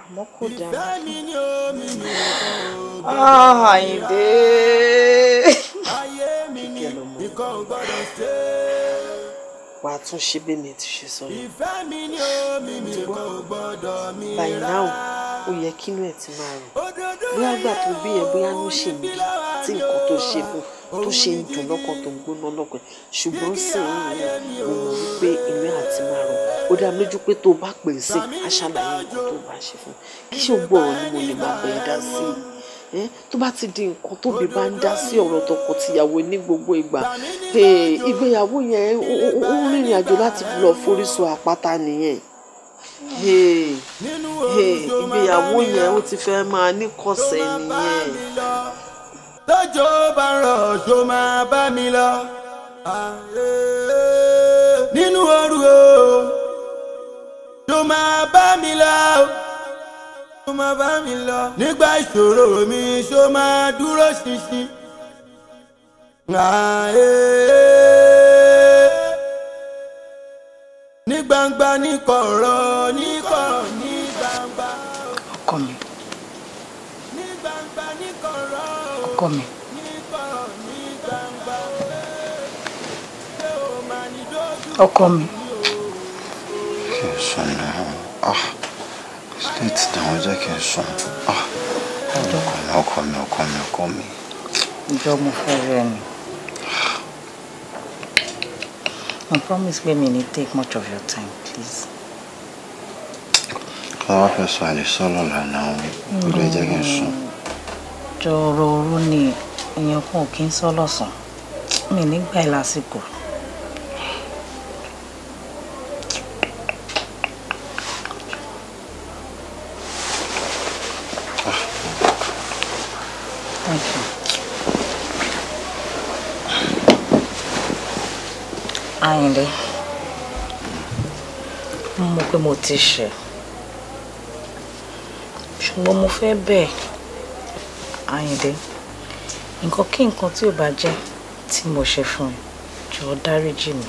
àmọ́ kò dára. ìfẹ́ mi ni omi ni nǹkan gbọ́dọ̀ ah, ṣe. ayé mi ni nǹkan ò gbọ́dọ̀ ṣe wà á tún ṣe bẹ́ẹ̀ mi ti ṣe sọ yẹn. ìfẹ́ mi ni omi mi kò gbọ́dọ̀ mi rà. báyìí náà ó yẹ kínú ẹ̀ ti máa rùn bóyá gbà tó bí yẹn bóyá ló ṣe mí tí nǹkan tó ṣe fún tó ṣe ń dùn lọ́kàn tó ń gbóná lọ́kàn ṣùgbọ́n sìn ń mo mọ̀ wípé ìwé àti máa rùn ó dá mi lójú pé tó o bá pè é sí aṣàlàyé nǹkan tó bá ṣe fún kí ṣe gbọ́ ọ̀rọ̀ ni mo lè máa bẹ̀ẹ́ dá sí i. Eh, tó bá ti di nǹkan tó lè bá ń dá sí ọ̀rọ̀ tọkọtìyàwó ní gbogbo ìgbà eh, ìgbéyàwó yẹn ó rìnrìn àjò láti lọ forí àpáta nìyẹn eh, ìgbéyàwó yẹn ó ti fẹ́ máa níkọ̀sẹ̀ nìyẹn. lọ́jọ́ bá rọ̀ ọjọ́ máa bá mi lọ nínú ooru o ọjọ́ máa bá mi lọ ṣó máa bá mi lọ nígbà ìṣòro mi ṣó máa dúró ṣinṣin. ní gbangba ní kọ̀rọ̀ ní kọ̀rọ̀ ní gbangba. ọkọ mi ọkọ mi. ọkọ mi. kí o sọ náà straight down jẹ́ kí n sùn ah, ọkọ mi ọkọ mi ọkọ mi ọkọ mi. ìjọ mo fẹ́ rẹ ni I promise pé mi ní take much of your time please. Àwọn fẹ́ sọ àlè sọ́lọ̀ lànà òun ló jẹ́ kí n mm, sùn. Jọ̀rọ̀ òru ni èèyàn kan ò kí ń sọ́lọ̀ sùn. Mi nígbà ẹ̀ mo ti ṣẹ̀ ṣùgbọ́n mo fẹ́ bẹ̀ Àyìndé nǹkan kí nǹkan tí ò bá jẹ́ tí mo ṣe fún ẹ jọ̀ọ́ dáríjì mi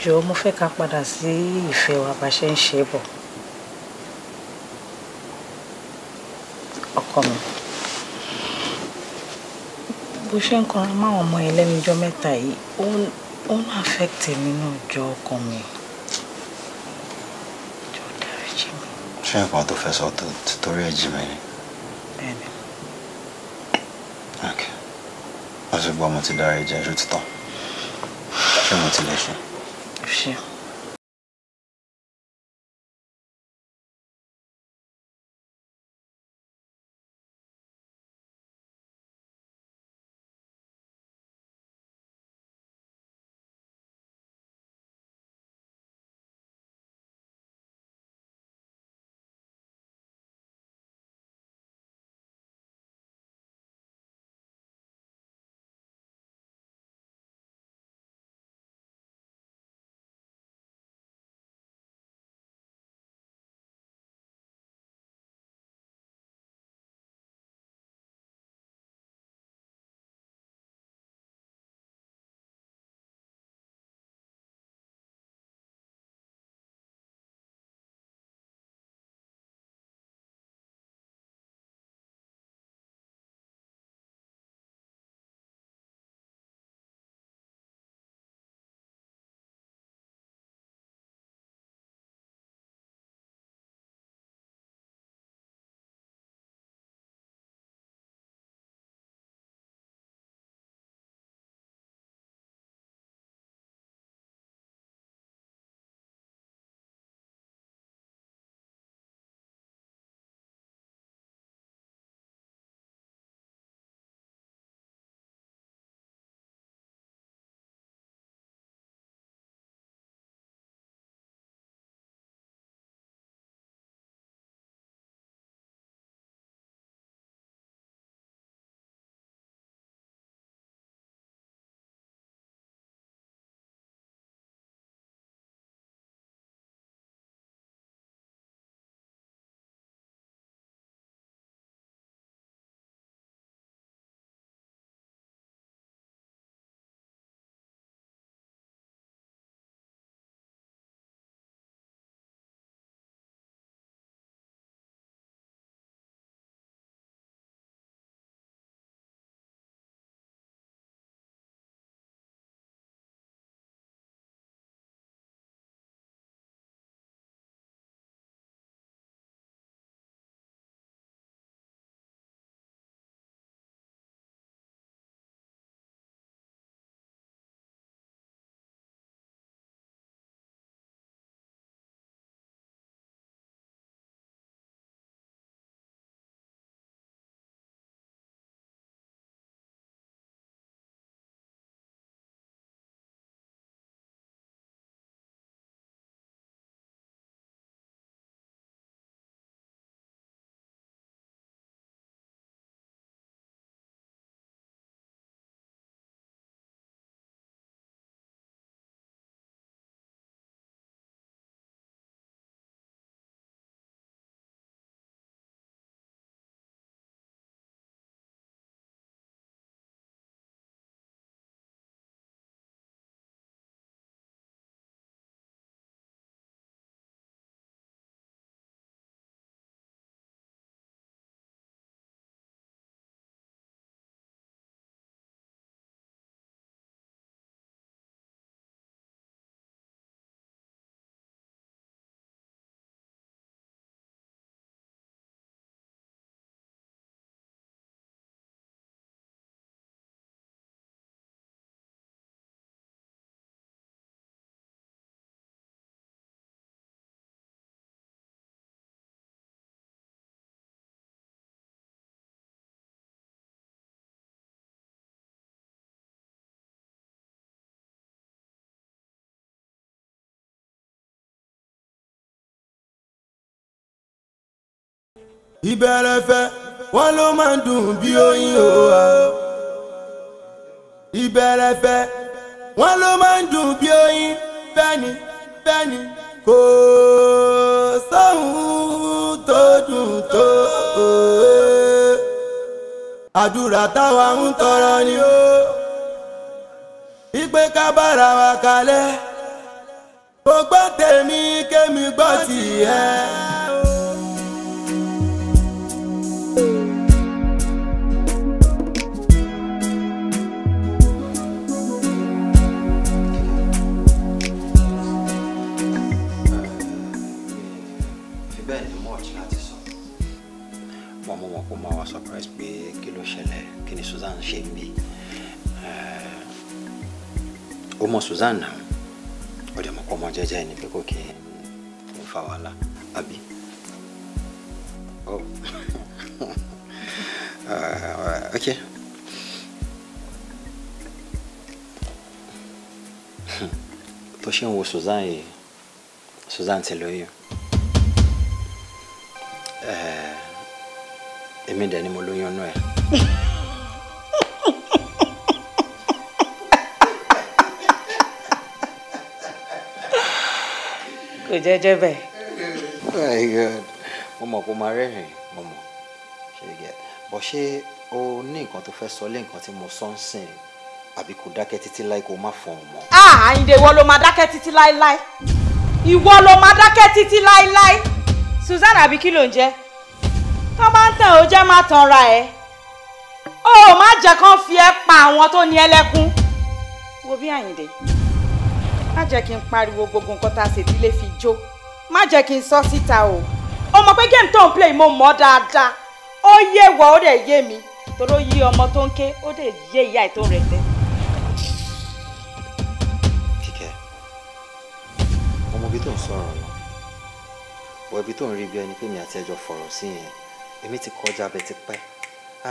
jọ̀ọ́ mo fẹ́ ká padà sí ìfẹ́ wa bá ṣe ń ṣe bọ̀ ọkọ mi bó ṣe ń kanra máwọn ọmọ ẹlẹ́nijọ́ mẹ́ta yìí ó ń affect mi náà ọkọ mi. ṣé nǹkan tó fẹ́ sọ tó torí ẹ̀ jí mi ni. bẹ́ẹ̀ni. ok wọ́n ti gbọ́ mo ti dára ẹ̀jẹ̀ ṣó ti tán ṣé mo ti lè ṣe. ṣé. ìbẹ̀rẹ̀fẹ̀ wọn ló máa ń dùn bí oyin o wa. ìbẹ̀rẹ̀fẹ̀ wọ́n ló máa ń dùn bí oyin bẹ́ẹ̀ni bẹ́ẹ̀ni kò sóhun tó dùn tó eh. àdúrà táwa ń tọrọ ni ó ìpè ká bára wa kalẹ̀ kò gbọ́ tèmi kémi gbọ́ tìẹ. mọ Susan náà ó dẹ̀ mọ̀ pọ̀ mọ́ jẹ́jẹ́ ẹni pé kò kí n fa wàhálà àbí. Oh. uh, okay. tó ṣe ń wo Susan yìí Susan ti lóyún eh, èmi dẹ̀ ni mo lóyún náà ẹ̀. pè jẹ́jẹ́ bẹ́ẹ̀. very good mo mọ̀ kó máa rẹ́rìn-ín mo mọ̀ ṣe é gẹ̀ bọ́ ṣé o ní nǹkan tó fẹ́ sọ lé nǹkan tí mo sọ ń sìn àbí kò dákẹ́ títí láì kó má fọ̀n mọ́. Ah, àyìndé ìwọ ló máa dákẹ́ títí láéláé ìwọ ló máa dákẹ́ títí láéláé Susanna àbí kí ló ń jẹ́ tó bá ń tàn ó jẹ́ má tanra ẹ̀ ó má jẹ́ kán fi ẹ́ pa àwọn tó ní ẹlẹ́kún wo bí àyìndé má jẹ́ kí n pariwo gbogbo nǹkan tá a ṣe ìdílé fi jó má jẹ́ kí n sọ síta o ọmọ pé game tó ń play mo mọ̀ dáadáa ó yé wọ ó dẹ̀ yé mi torí ó yé ọmọ tó ń ké ó dẹ̀ yé ìyá ẹ̀ tó ń rẹ̀tẹ̀. kíkẹ́ ọmọ ibi tó ń sọ̀rọ̀ lọ wọ ibi tó ń rí bí ẹni pé mi àti ẹjọ́ fọ̀rọ̀ sí yẹn èmi ti kọjá abẹ tipẹ́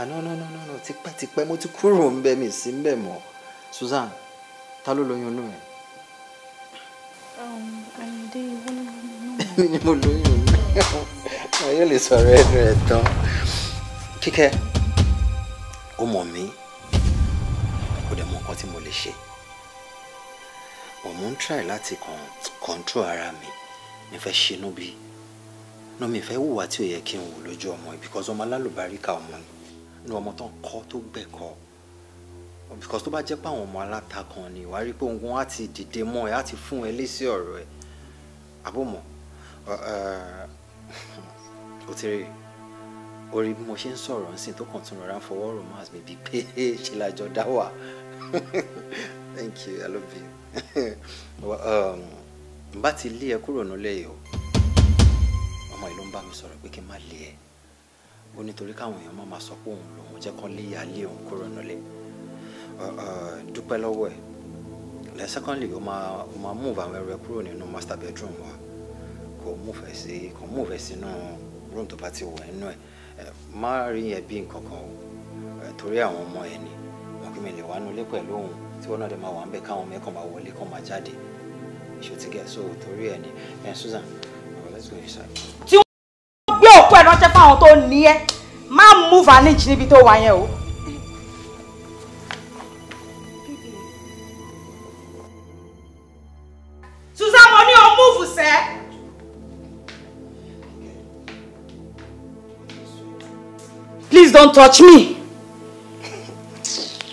àná ah, no no no no tipẹ́tipẹ́ mo ti kúrò ń bẹ mi sí ń bẹ mọ́ Susan ta ló lóyún inú ẹ̀ mi ni mo lóyún àwọn yóò lè sọ̀rọ̀ ẹnu ẹ̀ tán kíkẹ́ ó mọ̀ mí kò dẹ̀ mọ nǹkan tí mo control ara mi mi fẹ́ ṣinú bí no mi fẹ́ hùwà tí ò yẹ kí n wù lójú Because yìí because ọmọ alálùbáríkà ọmọ ni ní ọmọ tán kọ́ tó because tó bá jẹ́ pé àwọn ọmọ alátakàn ni wàá rí pé òun á ti dìde mọ́ ẹ á ti fún ẹ lésì ọ̀rọ̀ ẹ ó ti rí orí bí mo ṣe ń sọ̀rọ̀ nsìn tó kàn tún rọra ń fọwọ́ romance mi bíi pé ṣe lájọ dá wà thank you i love you n um, bá ti lé ẹ kúrò nílé yìí o ọmọ yìí ló ń bá mi sọ̀rọ̀ pé kí n má lé ẹ ó nítorí káwọn èèyàn má máa sọ pé òun lòun jẹ́ kán lé ìyá lé òun kúrò nílé dúpẹ́ lọ́wọ́ ẹ̀ lẹ́sẹ̀kọ́ńlì ó máa move àwọn ẹrù ẹ kúrò nínú master bedroom wa kò múfẹ̀ sí kò múfẹ̀ sínú room tó bá ti wọ̀ nínú ẹ̀ má rí yẹn bí nǹkan o torí àwọn ọmọ ẹ̀ ni wọn kì í lè wá nulẹ̀ pẹ̀lú òun tí wọn náà lè máa wà ń bẹ̀ káwọn mẹ́kàn máa wọlé kàn máa jáde ṣó ti gẹ̀ so torí ẹ̀ ni ẹ̀ Susan let's go inside. tí wọ́n gbé òkú ẹ̀ ránṣẹ́ fáwọn tó ní ẹ má mú vantage níbi tó wà o. don't touch me.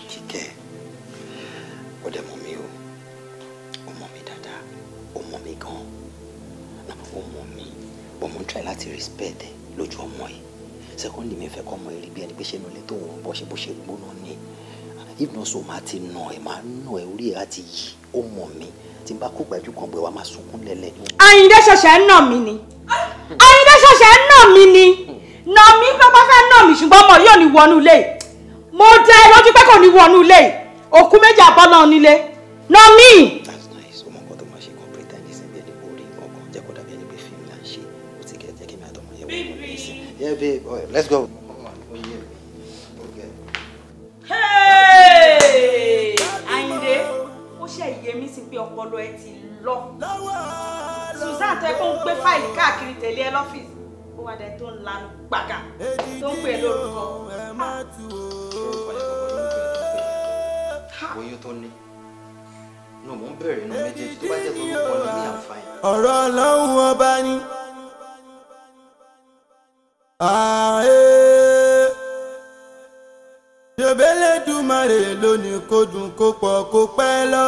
kíkẹ́ ó dẹ̀ mọ̀ mí o ó mọ̀ mí dáadáa gan-an náà ó mọ̀ mo try láti respect ẹ lójú ọmọ yìí secondly mi fẹ́ kọ́ ọmọ yìí rí bí ẹni pé ṣé inú ilé tó ń bọ́ ṣe bó ṣe ni if not so máa ti nà ẹ máa nà ẹ orí ẹ á ti yí ó mọ̀ mí tí kan bẹ̀ wá máa sunkún lẹ́lẹ̀. àyìndé ṣẹ̀ṣẹ̀ ń nà mí ni wọnú ilé mo dá ẹ lójú pé kò ní wọnú ilé òkú méjì àbọ̀ náà nílé náà mí. Yeah, Hey! Àyìndé, ó ṣe ìyé mi sí pé ọpọlọ ẹ ti lọ. Suzanne tó ẹ kó ń gbé fáìlì káàkiri tẹ̀lé ẹ lọ́fíìsì ó wá dẹ tó ń lanu gbàgà tó ń pè lórúkọ. oyún tó ní inú mò ń bẹ̀rẹ̀ inú méjèèjì tó bá jẹ́ tó ń pọ̀ ní àǹfààní. ọ̀rọ̀ ọlọ́run ọba ni. Jọ̀bẹ́lẹ̀ dùmarè lónìí kó dùn kó pọ̀ kó pẹ́ lọ.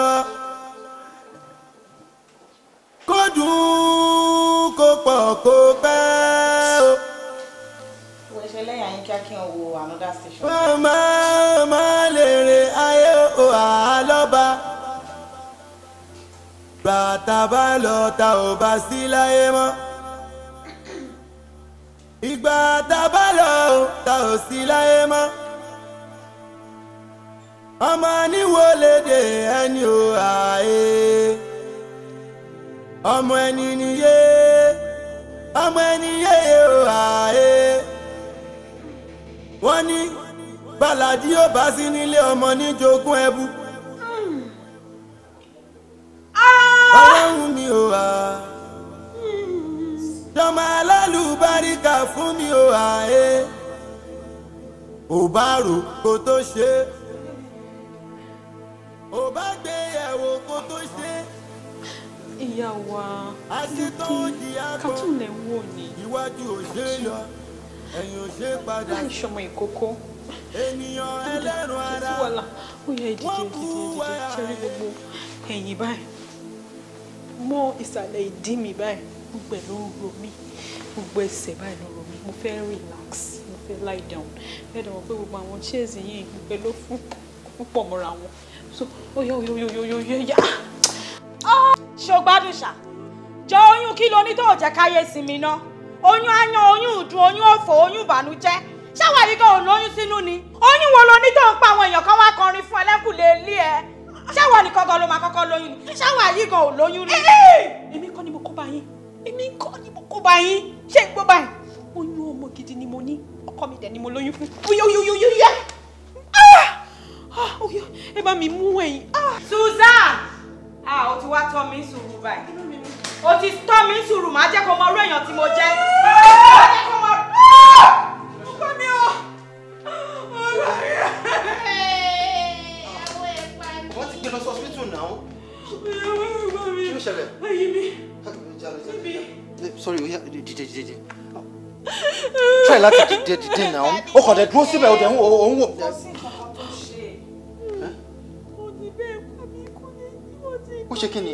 Kó dùn kó pọ̀ kó pẹ́ kíá kí n wo another station. màmá má lè rìn ayé o àlọ́ba bàtà bá lọ ta ò bá sí láyé mọ́ ìgbà tá a bá lọ ta ò sí láyé mọ́ ọmọ níwòlédè ẹni ò àyè ọmọ ẹni nìyé ọmọ ẹni yéye ò àyè wọ́n ní bàlàjì yóò bá sí nílé ọmọ ní jogún ẹbú. ọlọ́run mi ò wá jọmọ alálùbáríkà fún mi ò wá ẹ́ e. ò bá rò kó tó ṣe ò bá gbé ẹ̀wò kó tó ṣe ìyá wa ní kí cartoon wò ní iwájú òṣèlú láì ṣọmọ ìkókó ènìyàn ẹlẹ́rùn ara ó yẹ ìdíje ìdíje ìdíje ṣẹ́rí gbogbo ẹ̀yìn báyìí mọ́ ìsàlẹ̀ ìdí mi báyìí gbogbo ẹ̀ ló ń ro mí gbogbo ẹsẹ̀ báyìí ló ń ro mí mo fẹ́ relax mo fẹ́ lie down bẹ́ẹ̀ dẹ̀ wọ́n pé gbogbo àwọn chairs yìí gbogbo ẹ̀ ló fún púpọ̀ mọ́ra wọn so ó yẹ ó yẹ ó yẹ ó yẹ yá. Ah! ṣé o gbádùn ṣá jọ oyún kí lo ní tó ò jẹ́ káyé sinmi náà oyún ayan oyún ìdùn oyún òfò oyún ìbànújẹ́ ṣáwa yìí kan ò lóyún sínú ni oyún wo lo ní tó ń pa àwọn èèyàn kan wá kọrin fún ẹlẹ́kùn lè lé ẹ ṣáwa nìkan gan ló máa kọ́kọ́ lóyún ni ṣáwa yìí kan ò lóyún rí. èmi kọ́ ni mo kó bá yín èmi kọ́ ni mo kó bá yín ṣé gbọ́ báyìí oyún ọmọ gidi ni mo ní ọkọ mi dẹ̀ ni mo lóyún fún oyoyoyoyoya ah! ah, ẹ bá mi mú ẹ̀yìn. Ah! Susan ah o ti wá tọ́ mi sùúrù báyìí o ti tọ́ mi sùúrù máa jẹ́ kó mọ orú èèyàn tí mo jẹ́. ọkọ mi ò olórí ẹ̀. wọ́n ti gbé lọ sí ọsibítù náà. kí ló ṣẹlẹ̀. ayé mi sorry oya dìde dìde dìde try láti dìde dìde náà ó kàn dé dúró síbẹ̀ ó dẹ̀ ń wò ó ń wò. ó ṣe kí ni.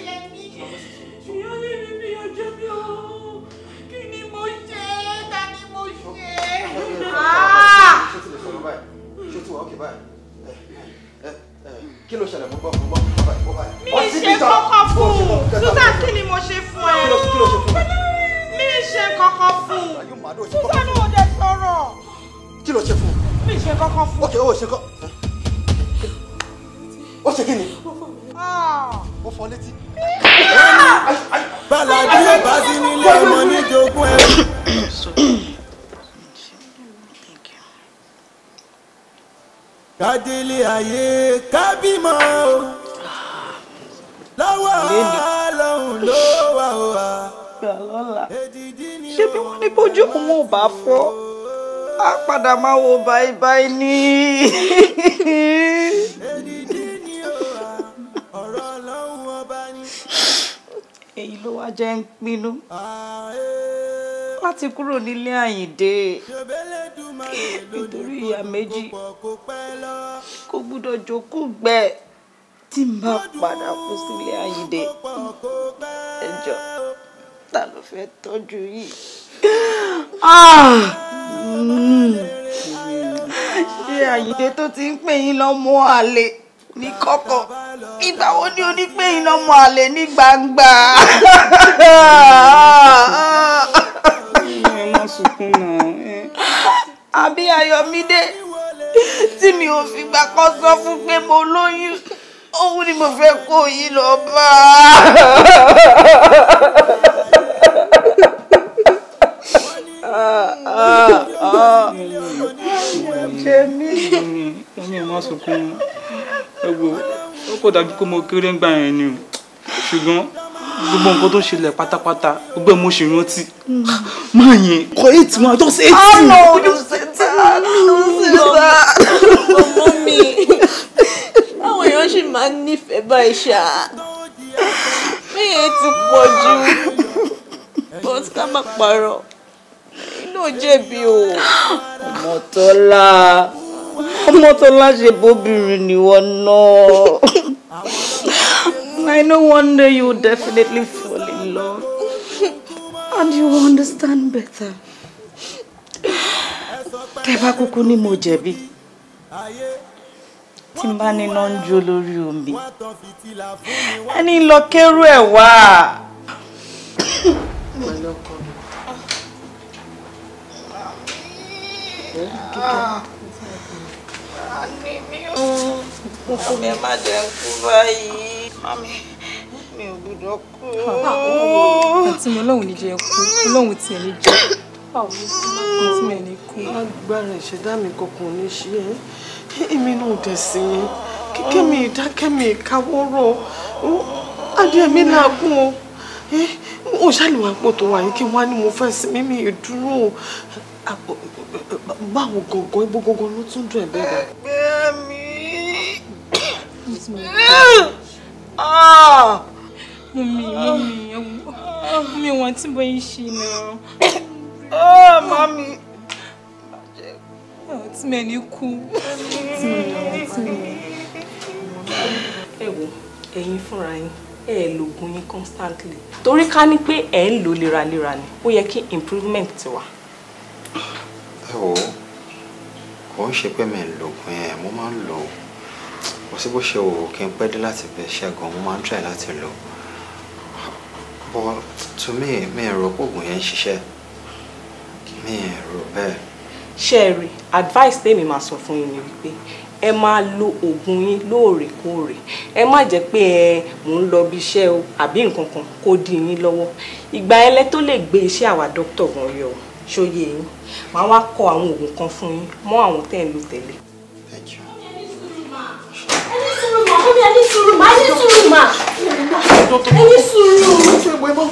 ok báyìí eh, eh, eh, kí ló ṣẹlẹ̀ mo gbọ́ mo gbọ́. mi ì ṣe kọ́kọ́ fún un susan kí ni mo ṣe fún ẹ. kí ló ṣe fún mi. mi ì ṣe kọ́kọ́ fún un susan ò dé sọ̀rọ̀. kí ló ṣe fún un. mi ì ṣe kọ́kọ́ fún un. ok o oh, ṣe kọ́ ó ṣe kí ni. Ah. ó fọ létí. Ah. bàlàdé bá sí nílé ọmọ níjogún ẹ. Kadili ayé kábímọ o lọ́wọ́ lọ́hùn ló wà ó wà. ṣé bí wọ́n ní bójú òun ò bá fọ́ á padà máa wo báyìí báyìí ní. èyí ló wá jẹ́ ń pinnu láti kúrò nílé Àyìndé nítorí ìyá méjì kò gbúdọ̀ jókòó gbẹ tí n bá padà kú sílé Àyìndé ẹjọ́ ta ló fẹ́ tọ́jú yìí. Ah, mm. ṣé Àyìndé tó ti ń pè yín lọ́mọ àlè ní kọ̀kọ̀ ìgbà wo ni onígbẹ̀yìn lọ́mọ àlè ní gbangba. ẹ má sunkún náà. àbí Ayọ̀mídé tí mi ò fìgbà kan sọ fún pé mo lóyún òun ni mo fẹ́ kó yìí lọ bá a. ẹ̀yin máa sunkún ẹ̀gbọ́n ó kò dájú pé mo kéré ń gbà yẹn ni ṣùgbọ́n gbogbo nǹkan tó ṣẹlẹ̀ pátápátá gbogbo ẹ̀ mo ṣe rántí máa yẹn kọ eight one just eight two. ọ̀nà ọ̀nà ṣètà ṣètà ọmọ mi àwọn èèyàn ṣì máa ń nífẹ̀ẹ́ báyìí ṣá mẹ́yẹ̀ ti pọ̀ jù but ká má parọ́ inú jẹ̀bi o. ọmọtọ́lá ọmọtọ́lá ṣe bóbìnrin nìwọ náà. I no wonder you definitely fall in love. And you understand better. Tẹ́ kuku ni mojebi, mo jẹ̀bi. Tí n bá níná ń jó lórí omi. Ẹni mi ò kúkú mi má jẹ́ kú báyìí. Mami, mi ò gbọdọ̀ kú. Àti mo lóhùn ní jẹ́ kú, lóhùn tiẹ̀ ní jẹ́. Báwo ló ti máa ń tí mi ní kú? Agbára ìṣẹ̀dá mi kankan ní ṣe é. Èmi náà dẹ̀ sí i. Kíkẹ́ mi ìdákẹ́ mi ìkáwọ́rọ̀. Adé mi náà gún o. Mo ṣàlùwà pò tó wà yìí kí wọ́n á ní mo fẹ́ sí mímí ìdúró. Báwo gangan ibo gangan ló tún dùn ẹ̀ bẹ́ẹ̀ bá? Bẹ́ẹ̀ mi. Ah! Mummy, mummy, mummy, wọ́n ti bọ́ yín ṣe náà. Oh, mommy, Ọ̀ tí mẹ́ni kú. you wo, ẹ̀yin fúnra yín ẹ lò ògùn yín constantly Tori ká ní pé ẹ ń lò léraléra ni ó yẹ kí improvement ti wà. ẹ wo kò ń ṣe pé mi mo máa ń lo kò sí bó ṣe wò ó kí n pẹ́ dé láti bẹ̀ ṣẹ́gun mo máa ń try láti lò but to me mi rò oògùn yẹn ń ṣiṣẹ́ mi rò bẹ́ẹ̀. ṣẹ́ẹ̀rì advice tèmi máa sọ fún yín ni wípé ẹ máa lo oògùn yín lóòrèkóòrè ẹ má jẹ́ pé ẹ mò ń lọ bí iṣẹ́ o àbí nǹkan kan kó dí yín lọ́wọ́ ìgbà ẹlẹ́ tó lè gbé iṣẹ́ àwa dókítà gan yọ ṣóyè yín màá wá kọ àwọn oògùn kan fún yín mọ́ àwọn tẹ́ ń lò tẹ́lẹ̀ ẹni sùúrù mà ẹni sùúrù. ẹwọ ẹ má wọ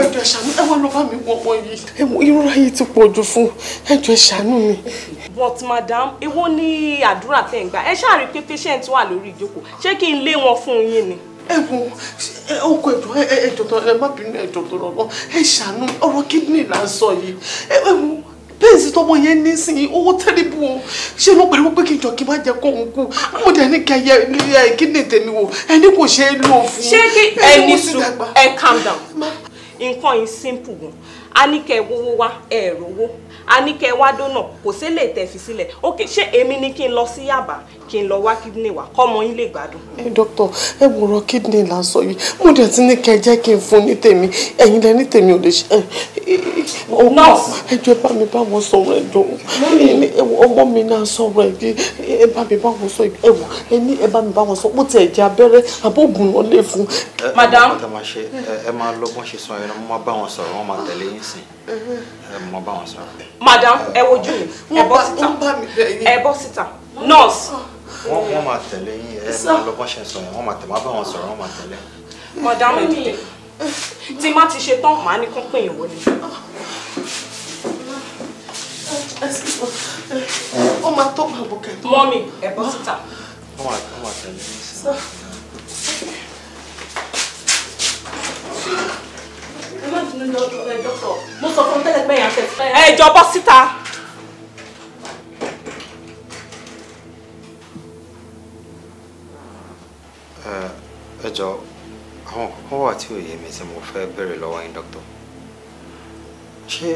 mi ẹwọ ẹjọ ìṣàánú ẹwọ lọ bá mi wọ ọmọ yìí. ẹwọ irora yìí ti pọ̀ jù fún ẹjọ ìṣàánú mi. but madam èwo ni àdúrà tẹ̀ ń gbà ẹ ṣáà rí pé patient wà lórí ìjókòó ṣé kí n lé wọn fún yín ni ẹwọ ọkọ ẹdùn ẹjọ tó ẹ má bínú ẹjọ tó rọrọ ẹ ṣàánú ọ̀rọ̀ kídìní là ń sọ yìí ẹwọ pẹ́ǹsì tọmọ yẹn ní sìn yín owó tẹ́lẹ̀bù o ṣé ló pẹ̀lú pé kí n jọ kí n má jẹ kó òun kú mo dẹ̀ ní kẹyẹ ẹ kíndìn tèmi wò ẹni kò ṣe é lò fún. ṣé kí ẹni sùn ẹ calm down nǹkan yìí simple gan a ní kẹ wówó wá ẹ rówó a ní kẹ wá dónà kò sí lè tẹ̀ fi sílẹ̀ ok ṣé èmi ni kí n lọ sí Yaba kí n lọ wá kidney wá kọ́mọ yín lè gbádùn. ẹ dókítà ẹ wòrọ kidney là ń sọ yìí mo dẹ̀ ti ní kẹ jẹ́ kí n fún ní tèmi ẹ̀yin lẹ ní tèmi ò lè ṣe nọ́ọ̀sì ẹjọ́ bá mi bá wọn sọ̀rọ̀ ẹ jọ ọmọ mi náà sọ̀rọ̀ ẹ bí ẹ bá mi bá wọn sọ ẹ wọ ẹ ní ẹ bá mi bá wọn sọ mo tẹ̀ jẹ abẹ́rẹ́ àbóògùn náà lè fún. madam ẹ máa lọ́gbọ́n ṣe sọ ẹ máa bá wọn sọ̀rọ̀ wọn máa tẹ̀lé yín sìn ẹ máa bá wọn sọ̀rọ̀. madam ẹ wojú mi ẹ bọ́ síta ẹ bọ́ síta nurse. wọ́n wọ́n máa tẹ̀lé yín ẹ máa lọ bọ́ ṣe sọ yẹn wọ́n máa tẹ̀lé wọ́n bá wọn sọ̀rọ̀ wọ́n máa tẹ̀lé. madam ẹ̀dídẹ̀ tí má ti ṣe tán màá ní kán pè yín wọlé. ó máa tó pàbò kẹ́kọ̀ọ́. mọ́mì ẹ̀ bọ́ síta. wọ́n máa tẹ̀lé yín sí i. ẹ jọ bọ́ síta. ẹ jọ àwọn kan wà tí òye mi tí mo fẹ́ béèrè lọ́wọ́ yín dọ́kítọ̀ ṣé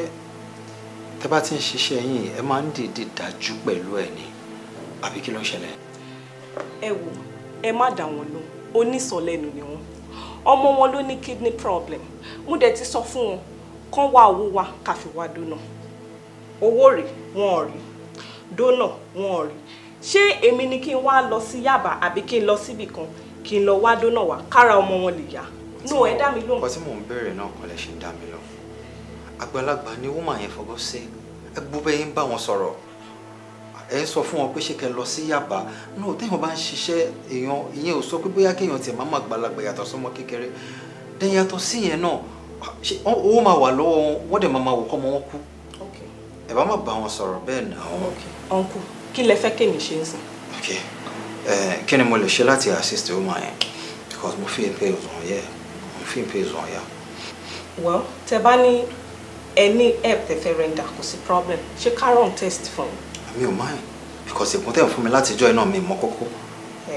tẹ bá ti ń ṣiṣẹ́ yín ẹ máa ń dìde dájú pẹ̀lú ẹ̀ ni àbí kí ló ń ṣẹlẹ̀. ẹ wò ẹ má dà wọn lóhùn onísọlẹ́nu ni wọn ọmọ wọn ló ní kidney problem mo dẹ̀ ti sọ fún wọn kán wá owó wa káfí wá dóná owó rè wọn ò rí dóná wọn ò rí ṣé èmi ni kí n wá lọ sí Yaba àbí kí n lọ síbì kan kí n lọ wá dónà wá kára ọmọ wọn lè yá nú ẹ dá mi lóhùn. ọkọ tí mò ń béèrè náà kọlẹ ṣe ń dá mi lọ àgbàlagbà ni woman yẹn fọwọ́ sí ẹ gbọ́ bẹ́ẹ̀ yín bá wọn sọ̀rọ̀ ẹ ń sọ fún wọn pé ṣé kẹ lọ sí Yaba náà téèyàn bá ń ṣiṣẹ́ èèyàn ìyẹn ò sọ pé bóyá kéèyàn tiẹ̀ máa máa gbàlagbà yàtọ̀ sọmọ kékeré dẹ́yìn yàtọ̀ sí yẹn náà owó máa wà lọ́wọ́ wọn wọ́n dẹ̀ máa máa wò kọ́mọ wọn kú ẹ bá má bá wọn sọ̀rọ̀ bẹ́ẹ̀ náà. ọ̀nkù kí lẹ fẹ́ kémi ṣe ń sìn. Eh, kí ni mo lè ṣe láti assist woman yẹn because mo fi pay òzùn yẹ mo fi pay òzùn yà. well tẹ bá ní any help tẹ fẹ́ render kò sí problem ṣé kárọ̀n test fún mi. mi ò mind because ìkún tẹ̀ ń fún mi láti ijọ́ iná mi mọ́ kókó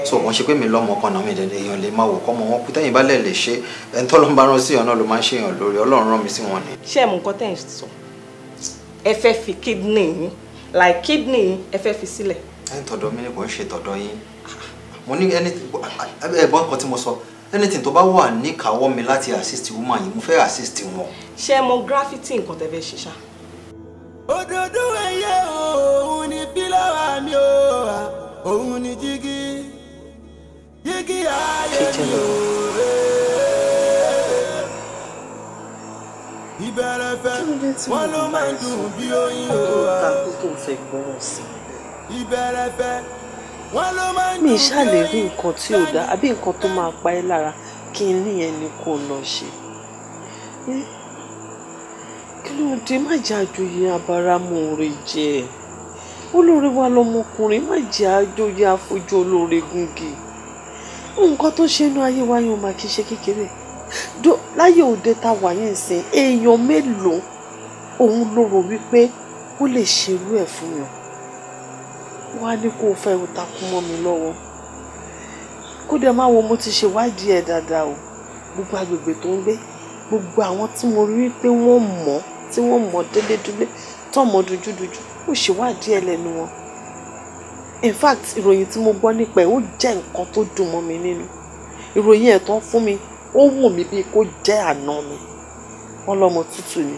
so wọn eh. ṣe pé mi lọmọ kan náà mi dẹdẹ èèyàn lè máa wò kọ́mọ wọn kú tẹ́yìn bá lẹ̀ lè ṣe ẹni tọ́lọ́ ń bá rán sí èèyàn náà ló máa ń ṣèyàn lórí ọlọ́run rán mi sí wọn ni. ṣé ẹ mú nǹkan tẹ̀ sọ ẹ fẹ́ fi kidney yín like kidney yín ẹ fẹ́ fi sílẹ̀. ẹ ń tọ̀dọ̀ mi ni kò ń ṣe tọ̀dọ̀ yín mo ní anything ẹ̀gbọ́n kan tí mo sọ anything tó bá wà níkàáwọ́ mi láti assist woman yìí mo fẹ́ assist wọn. ṣé mo graffiti nǹkan tẹ́ fẹ́ ṣe ṣá. òdòdó ẹyẹ òun ni pílọ́wà mi ò òun ni jígí jígí ayé mi ò ìbẹ̀rẹ̀ fẹ́ wọ́n ló máa ń dùn bí oyin ò wá ìbẹ̀rẹ̀ fẹ́ mi ṣáà lè rí nǹkan tí ò dáa àbí nǹkan tó máa pa ẹ́ lára kí n ní ẹni kò lọ ṣe hmm? kí ló dé má jẹ́ àjòyè abáramú rẹ jẹ olóore wa lọmọkùnrin má jẹ́ àjòyè àfojú olóore gungi nǹkan tó ṣe inú ayé wa yóò máa kí ṣe kékeré láyé òde tá a wà yẹn sìn èèyàn mélòó òun ló rò wípé ó lè ṣerú ẹ̀ fún yàn wá ní kó o fẹ́ o takú mọ́ mi lọ́wọ́ kó dẹ̀ máa wo mo ti ṣèwádìí ẹ̀ dáadáa o gbogbo agbègbè tó ń gbé gbogbo àwọn tí mo rí pé wọ́n mọ̀ tí wọ́n mọ̀ délédúlé tó mọ̀ dojúdojú ó ṣèwádìí ẹ̀ lẹ́nu wọn in fact ìròyìn tí mo gbọ́ nípa ẹ̀ ó jẹ́ nǹkan tó dùn mọ́ mi nínú ìròyìn ẹ̀ tán fún mi ó wù mí bíi kó jẹ́ àná mi wọ́n lọ́mọ tútù ni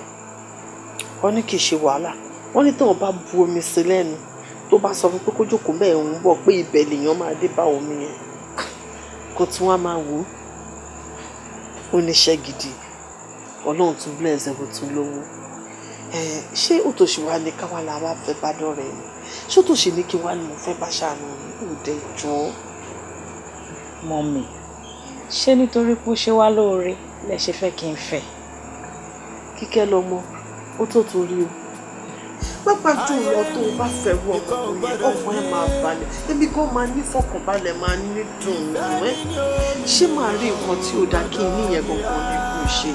wọ́n ní kì í ṣe wàhálà wọ́n ní tí wọ́n bá bu omi sí lẹ́nu tó bá sọ fún pé kó jókòó bẹ́ẹ̀ ń bọ̀ pé ibẹ̀ lèèyàn máa dé bá omi yẹn kó tún wá máa wò ó ó níṣẹ́ gidi ọlọ́run tún bless ẹ̀ kó tún lówó ṣé òtòṣì wa ni káwa la wá fẹ́ bá dọ̀rẹ́ ni ṣé òtòṣì ni kí wá ni mo fẹ́ bá ṣàánú mi ò dé jọ. mọ̀mí ṣé nítorí pé ó ṣe wá lóore lẹ ṣe fẹ́ kí n fẹ́. kíkẹ́ lọmọ ó tó torí o pápá tó lọ tó o bá fẹ́ wọ ọkùnrin ọkùnrin ẹ máa balẹ̀ ẹbí kan máa ní fọkànbalẹ̀ máa ní dùn ún ṣé màá rí nǹkan tí ó dáa kí n níyẹn gangan ní kò ṣe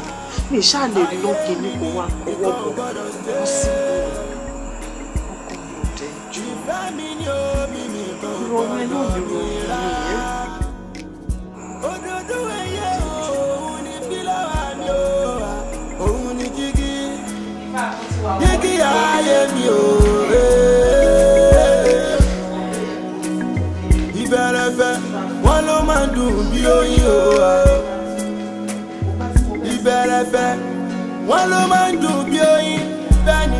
ní ìṣáà rí lókè ní kò wá ọwọ́ bọ̀ wọ́n sì bọ̀ ọkùnrin ò dẹ̀ jù ìrọ̀rùn ẹ náà mi o. Ìbẹ̀rẹ̀fẹ̀ wọ́n ló máa dùn bí oyin o. Ìbẹ̀rẹ̀fẹ̀ wọ́n ló máa dùn bí oyin bẹ́ẹ̀ni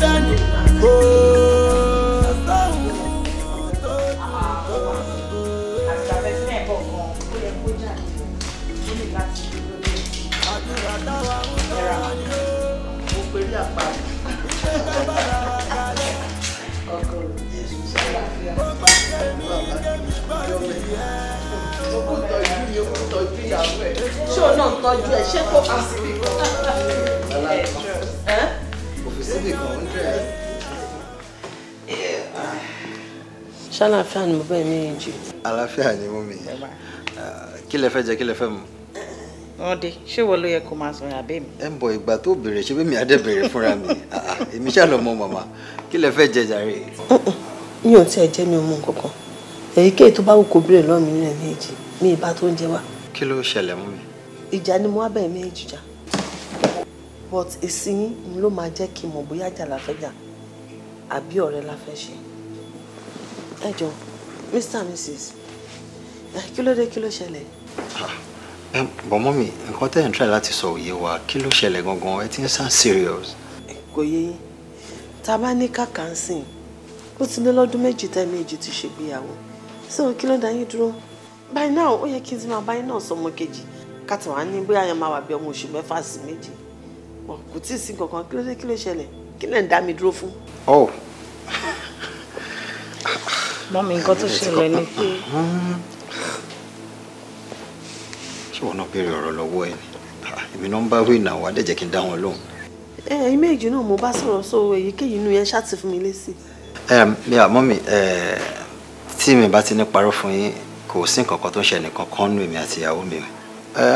bẹ́ẹ̀ni o. Yeah, bye. ṣé o náà ń tọ́jú ẹ ṣé kò fi síbì kan. kò fi síbì kan ń dẹ̀. ṣàlàáfíà ni mo bẹ́ẹ̀ méjì. àlàáfíà ni mo mi kí lẹ fẹ́ jẹ kí lẹ fẹ́ mu. wọ́n dé ṣé wo ló yẹ kó máa sọ̀rọ̀ àbẹ́ mi. ẹ ń bọ ìgbà tó bèrè ṣé bẹ́ẹ̀ mi á dẹ̀ bèrè fúnra mi èmi ṣàlọ́ mọ màmá kí lẹ fẹ́ jẹ jàre. mi ò tiẹ̀ jẹ́ mi ò mú nǹkan kan èyíkéyìí tó bá wù kó bèrè lọ́mí nílẹ̀ méjì mi ìbá tó ń jẹ wá. kí ló ṣẹlẹ̀ mú mi. ìjà ni mo wá bẹ̀rẹ̀ méjì jà but èsì yín ni ló máa jẹ́ kí n mọ̀ bóyá jà la jà àbí ọ̀rẹ́ la ṣe. ẹ jọ mr and mrs kí ló dé kí ló ṣẹlẹ̀. bọ̀ mọ́ mi nǹkan tẹ́ ẹ̀ ń tẹ̀ láti sọ òye wa kí ló ṣẹlẹ̀ gangan ẹ ti ń sound serious. kò yé yín tá a bá ní kàkà ń sìn ó ti lé lọ́dún méjì tẹ́ méjì ti ṣègbéyàwó so kí ló dá yín dúró báyìí náà ó yẹ kí n ti máa báyìí náà sọmọ kejì káti wàá ní bóyá yẹn máa wà bí ọmọ oṣù mẹ́fà sí méjì kò tí ì sí kankan kí ló dé kí ló ṣẹlẹ̀ kí lẹ̀ dá mi dúró fún. ọ. Oh. mọ́mí nǹkan tó ṣẹlẹ̀ ni pé. Mm. ṣé wọn náà béèrè ọ̀rọ̀ lọ́wọ́ ẹ ah, èmi náà ń bá wíìnà wà dẹ̀ jẹ́ kí n dá wọn lóhùn. ẹ ẹ méjì náà mo bá sọ̀rọ̀ so èyíkéyìí inú yẹn ṣáà ti fún mi lésì. ẹ ẹ mọ́mí tí mi bá ti ní parọ́ fún yín kò sí nǹkan tó ń ṣe ẹnìkan nù èmi àti ìyàwó mi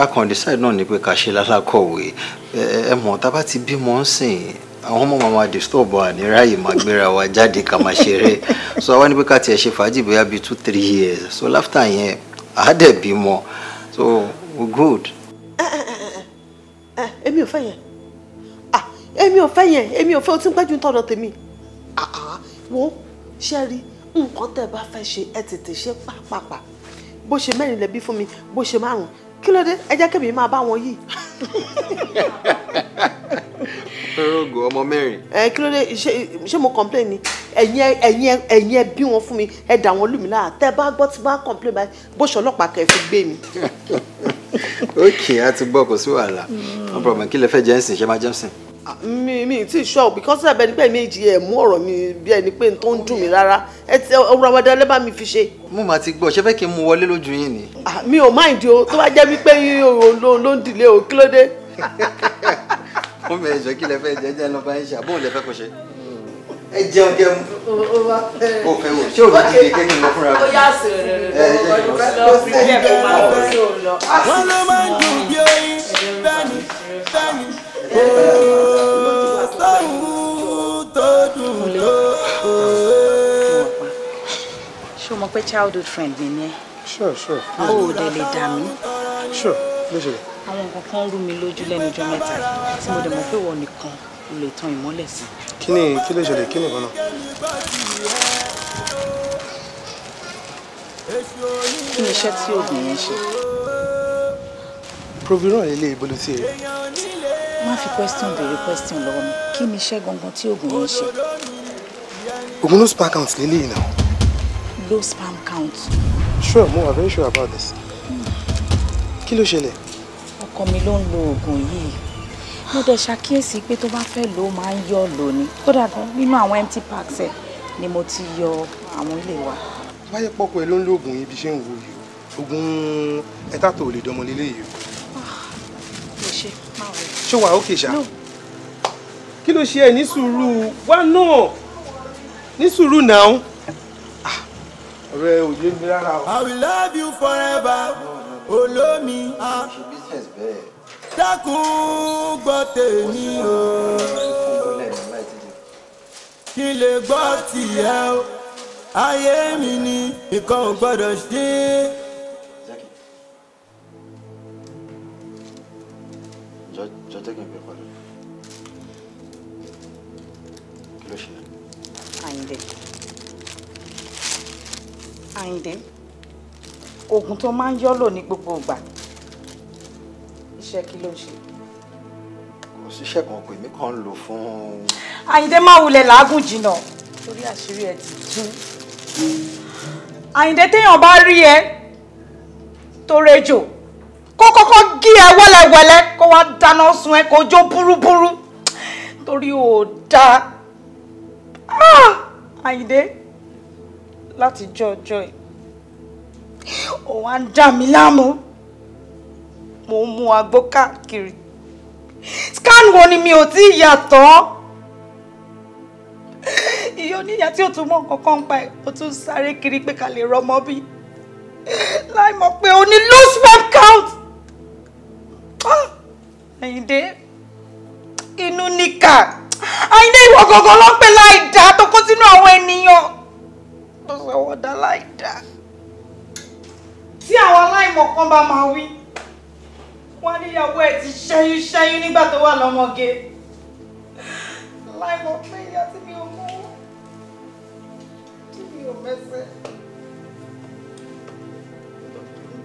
akọ̀ǹdíṣáì náà ni pé ká ṣe lálákọ̀wé ẹ mọ̀ tá a bá ti bímọ ń sìn àwọn ọmọ màmá disturb wa ní ráàyè máa gbéra wa jáde ká máa ṣeré so àwa ní pé ká tiẹ̀ ṣe fàájì bóyá bíi two three years so láfítà yẹn á dẹ̀ bímọ so we good. èmi ò fẹ́ yẹn èmi ò fẹ́ yẹn èmi ò fẹ́ o ti ń pẹ́ ju tọ̀dọ̀ tèmi wo ṣe rí nǹkan tẹ́ ẹ bá fẹ́ ṣe ẹ tètè ṣe pàápàá bó ṣe mẹ́rin lẹ́bí fún mi bó ṣe márùn kí ló dé ẹ jẹ́ kébì máa bá wọn yìí. fẹ́rọ̀gù ọmọ mẹ́rin. ẹ kí ló dé ṣé mo complain ni ẹ̀yin ẹ̀yin ẹ̀yin ẹ bí wọn fún mi ẹ dà wọn lù mí lára tẹ́ ẹ bá gbọ́ tí bá complain báyìí bó ṣe ọlọ́pàá kẹ́ ẹ fi gbé mi. ok a ti gbọ́ kò sí wàhálà no problem kí lè fẹ́ jẹ́ ń sìn máa jẹ́ ń mi mi ti sọ because ẹbẹ ni pé méjì ẹ mú ọ̀rọ̀ mi bí ẹni pé n tó ń dùn mí rárá ẹ ti ọ̀rọ̀ àwọn ọdẹ lẹba mi fi ṣe. mo máa ti gbọ́ ṣé fẹ́ kí n mú wọlé lójú yín ni. mi ò máa ń di o tó bá jẹ́ wípé ló ń dìlé o kí ló dé. fún mi ẹjọ́ kí lẹ fẹ́ jẹ jẹ lọ bá ń ṣe àbóhùn lẹ fẹ́ kó ṣe. ẹ jẹun jẹun o fẹ́ wò ṣé òní dìde kékeré lọ fúnra mi. ó yà sí rẹ rẹ rẹ lọ fún mi ṣé childhood friend mi ni ẹ. sure sure. o ò dẹ̀ lè dà mí. sure lóṣèlú. àwọn nǹkan kan rú mi lójú lẹ́nu ọjọ́ mẹ́ta yìí tí mo dẹ̀ mọ̀ pé wọ́n nìkan o lè tan ìmọ́lẹ̀ sí. kí ni kí ló ṣẹlẹ̀ kí ni ìbọn náà. kí ni iṣẹ́ tí oògùn yẹn ṣe. proviron lè lé ibo ló rẹ̀ má fi question béèrè question lọ́wọ́ mi kí ni iṣẹ́ gangan tí oògùn yẹn ṣe. oògùn low sperm count lélẹ́yìn náà. low sperm count. sure mo are very sure about this. Hmm. kí ló ṣẹlẹ̀. ọkọ mi ló ń lo oògùn yìí mo dẹ̀ ṣàkíyèsí pé tó bá fẹ́ lò ó máa ń yọ̀ lò ní kódà gan nínú àwọn empty packs ẹ̀ ni mo ti yọ àwọn ilé wa. wáyé pọ́kọ ẹ ló ń lo oògùn yìí bí ṣe ń wo yìí oògùn ẹ̀ta tó lè dọmọ lélẹ́yìí ṣé wà ókè ṣá kí ló ṣe ẹ ní sùúrù wá náà ní sùúrù náà ah, ọ̀rẹ́ òye mi rárá o. I will love you forever olómi dákun gbọ́ tèmi o kí lè gbọ́ tìyẹ́ o ayé mi ni nǹkan ò gbọ́dọ̀ ṣe é. tẹ́gùn ìgbẹ́ pẹ̀lú. kí ló ṣẹlẹ̀. Àyìndé Àyìndé oògùn tó máa ń yọ́ lò ní gbogbo ìgbà iṣẹ́ kí ló ń ṣe. kò síṣẹ́ kan pè mí kàn ń lò fún. Àyìndé má wulẹ̀ làágùn jìnnà kó kọ́kọ́ gé ẹ wẹ́lẹ́wẹ́lẹ́ kó wá dáná sun ẹ kó jó búrúbúrú torí ò dáa ah! àyídé láti jọ ọjọ́ ẹ̀ ò wá ń dà mí láàmú mo ń mú agbó káàkiri scan wo ni mi ò tí yàtọ̀ ìyá oníyà tí ò tún mọ nǹkan pa ẹ ó tún sáré kiri pé ká lè rọmọ bí láì mọ̀ pé o ní loose web count. Ah, Àyìndé inú níkà Àyìndé ìwọ gọ̀gọ̀ ló ń pè láìdá tó kó sínú àwọn ènìyàn tó sọ wọ́n dá láìdá tí àwọn aláìmọ̀kan bá máa wí wọ́n níyàwó ẹ̀ ti ṣẹ́yún ṣẹ́yún nígbà tó wà lọ́mọge láìmọ̀ pé ìyá tí mi ò mọ́ tí mi ò mẹ́sẹ̀.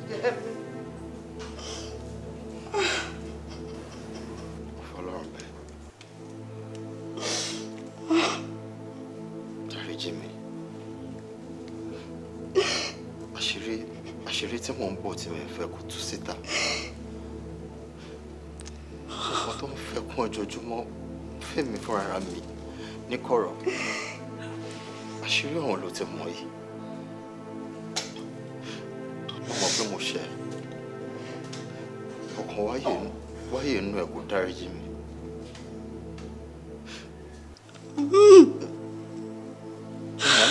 Yeah tí mò ń bọ̀ tí mi fẹ́ kó tú síta. Ọkọ tó ń fẹ́ kún ojoojúmọ́ fẹ́ mi fún ara mi ní kọ̀rọ̀. Àṣírí ọ̀hún ló ti mọ̀ yìí. Mo mọ̀ pé mo ṣe é ọkàn wáyé inú ẹ kò dáríjì mi.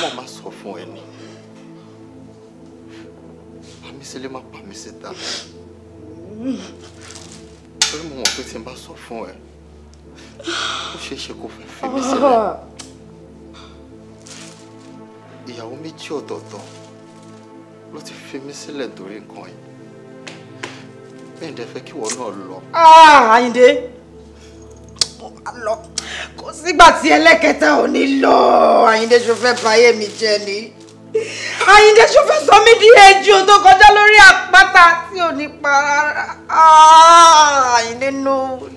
màmá má sọ fún ẹ ni pàmísílẹ̀ má pa mí síta torí mo mọ̀ pé tí n bá sọ fún ẹ ó ṣeé ṣe kó fẹ́ fi mí sílẹ̀ ìyàwó ọ̀tọ̀ọ̀tọ̀ ló ti fi torí nǹkan yìí bẹ́ẹ̀ dẹ fẹ́ kí wọ́n náà lọ. Àyìndé ah, mo máa lọ kò sígbà tí ẹlẹ́kẹta ò ní lọ Àyìndé ṣo fẹ́ báyé mi jẹ ni Àyìndé ṣo fẹ́ sọ mí di ejò tó kọjá lórí àpáta tí ò ní pa rárá Àyìndé ah, no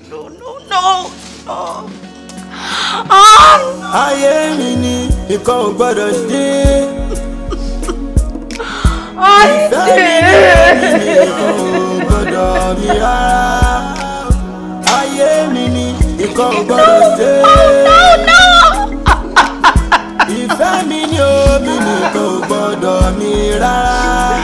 no no ah, no. ayé mi ni ikọ̀ ò gbọ́dọ̀ dé. Àyìndé ọ̀rọ̀ mi rárá. Ayé mi ni ikọ̀ ò gbọ́dọ̀ ṣe. Ìfẹ́ mi ni omi ni ò gbọ́dọ̀ mi rárá.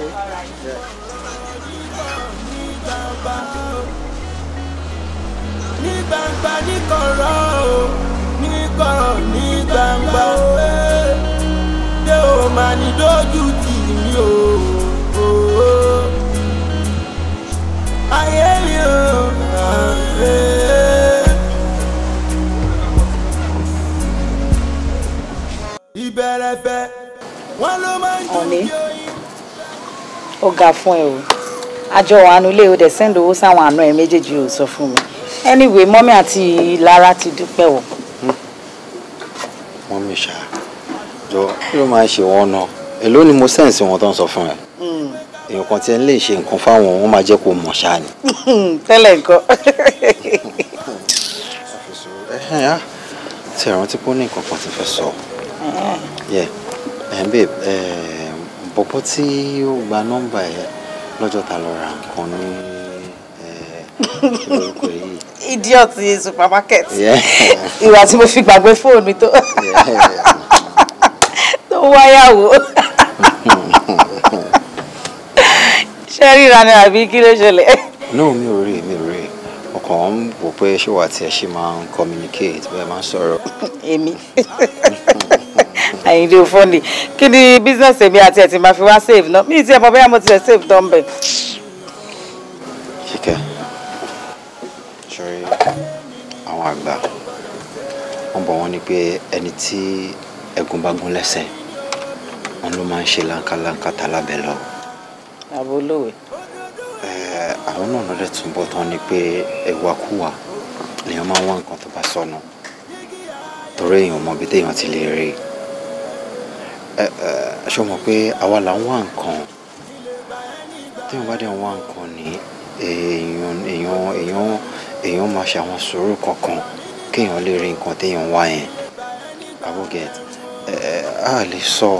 Okay. All right. Ní gbangba ní kọ̀rọ̀ o, ní kọ̀rọ̀ ní gbangba o, dé o máa ní dójú tì mí o. Ayé mi o, àfẹ́. Ìbẹ̀rẹ̀ fẹ́, wọ́n ló máa ń dùn bí oyin ó ga fún ẹ o àjọ àánú ilé o dẹ̀ sẹ́ńdì owó sáwọn àna ẹ méjèèjì ò sọ fún mi anyway mọ́mí àti Lára ti dúpẹ́ o. Hmm. mọ́mí ṣá jọ kí ló máa ń ṣe wọ́n náà èló ni mo sẹ́ǹsì wọn tó ń sọ fún ẹ hmm. èèyàn kan tí ẹ ń lè ṣe nǹkan fáwọn wọn máa jẹ́ kó mọ̀ ṣáà ni. Hmm, tẹ́lẹ̀ nǹkan. tí ẹ̀rántí pé ó ní nǹkan kan ti fẹ́ sọ. yeah babe. Uh, bọ̀bọ̀ tí ó gba nọ́mbà ẹ̀ lọ́jọ́ ta lọ ra nǹkan ní eh, orúkọ idiot ni supermarket ìwà tí mo fi gbàgbé fóònù mi tó tó wáyàwó ṣé ríra ni àbí kí ló ṣẹlẹ̀. náà mi ò rí mi ò rí ọkàn ń wò pé ṣé wàá tiẹ̀ ṣe máa ń communicate bẹ́ẹ̀ máa ń sọ̀rọ̀. èmi ẹ̀yin ló fọ́ ni kí ni business èmi àti ẹ̀tì máa fi wá save náà mi ti ẹ̀ mọ̀ bóyá mo tilẹ̀ save tán bẹ̀. kíkẹ́ sori àwọn àgbà wọ́n bọ̀ wọ́n ní pé ẹni tí ẹ̀gún bá gún lẹ́sẹ̀ wọn ló máa ń ṣe láńkáláńká tá lábẹ́ lọ. àbò olówe. àwọn náà lọ́dẹ̀ túnbọ̀ tán ni pé ẹ̀wàkúwà lèèyàn máa ń wá nǹkan tó bá sọnù torí èèyàn mọ ibi téèyàn ti lè rí i ṣe mọ̀ pé àwa là ń wá nǹkan téèyàn bá dẹ̀ wá nǹkan ní èèyàn èèyàn èèyàn máa ṣe àwọn sùúrù kankan kéèyàn lè rí nǹkan téèyàn wá yẹn aboget a lè sọ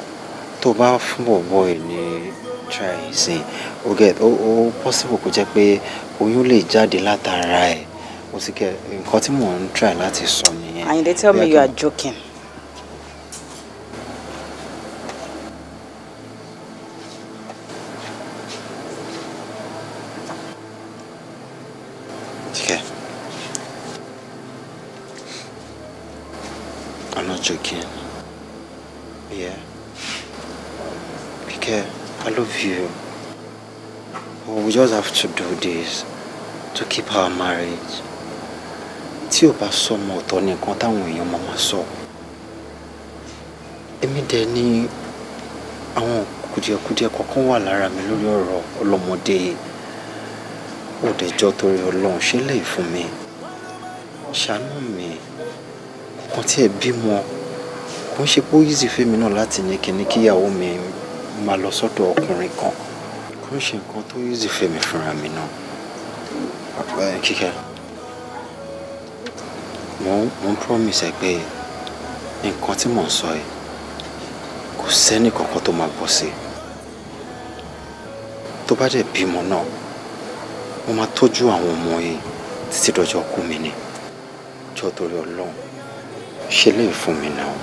tó bá fún bọ̀bọ̀ ẹ̀ ní try ìsìn oget ó possible kó jẹ́ pé oyún lè jáde látara ẹ̀ o ti kẹ́ nǹkan tí mò ń try láti sọ nìyẹn. Àyìndé tell me you are joking. joking. Yeah. Pike, I love you. But we just have to do this to keep our marriage. Tí o bá sọ ọmọ ọ̀tọ̀ ní nǹkan táwọn èèyàn máa ma sọ. Èmi dẹ̀ ni àwọn kùdìẹ̀kudiẹ kọ̀ọ̀kan wà lára mi lórí ọ̀rọ̀ ọlọ́mọdé yìí. Òdẹ̀jọ́ torí Ọlọ́run ṣe lè fún mi. Ṣàánú mi. Kọ̀ọ̀kan tí ẹ bímọ kò ń ṣe pé ó yìí sì fẹ́mi náà láti ní kíní kíyàwó mi máa lọ sọ́dọ̀ ọkùnrin kan kò ń ṣe nǹkan tó yìí sì fẹ́mi fúnra mi náà kíkẹ́ mo mo ń promise ẹ pé nǹkan tí mò ń sọ yìí kò sẹ́ni kankan tó máa bọ̀ sí tó bá dẹ̀ bímọ náà mo máa tọ́jú àwọn ọmọ yìí títí dọjọ́ kú mi ni jọ́ torí ọlọ́run ṣe lè fún mi náà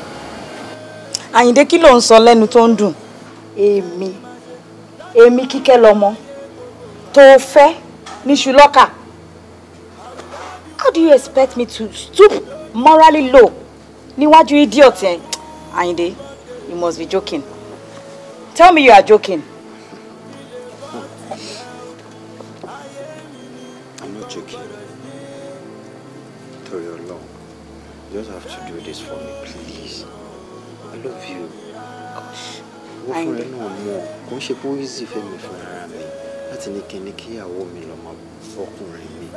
àyìndé kí ló ń sọ lẹ́nu tó ń dùn. èmi èmi kíkẹ́ lọmọ tó fẹ́ níṣu lọ́kà how do you expect me to stoop morally low níwájú idiot yẹn àyìndé you must be joking tell me you are joking. I'm not joking. Torí Ọlọ́run, you just have to do this for me, please love you. wọ́n fúnra ẹ̀ náà mọ̀ kò ń ṣe pé easy fẹ́mi fúnra mi láti ní kí ni kí ìyàwó mi lọ máa bọ́kùnrin mi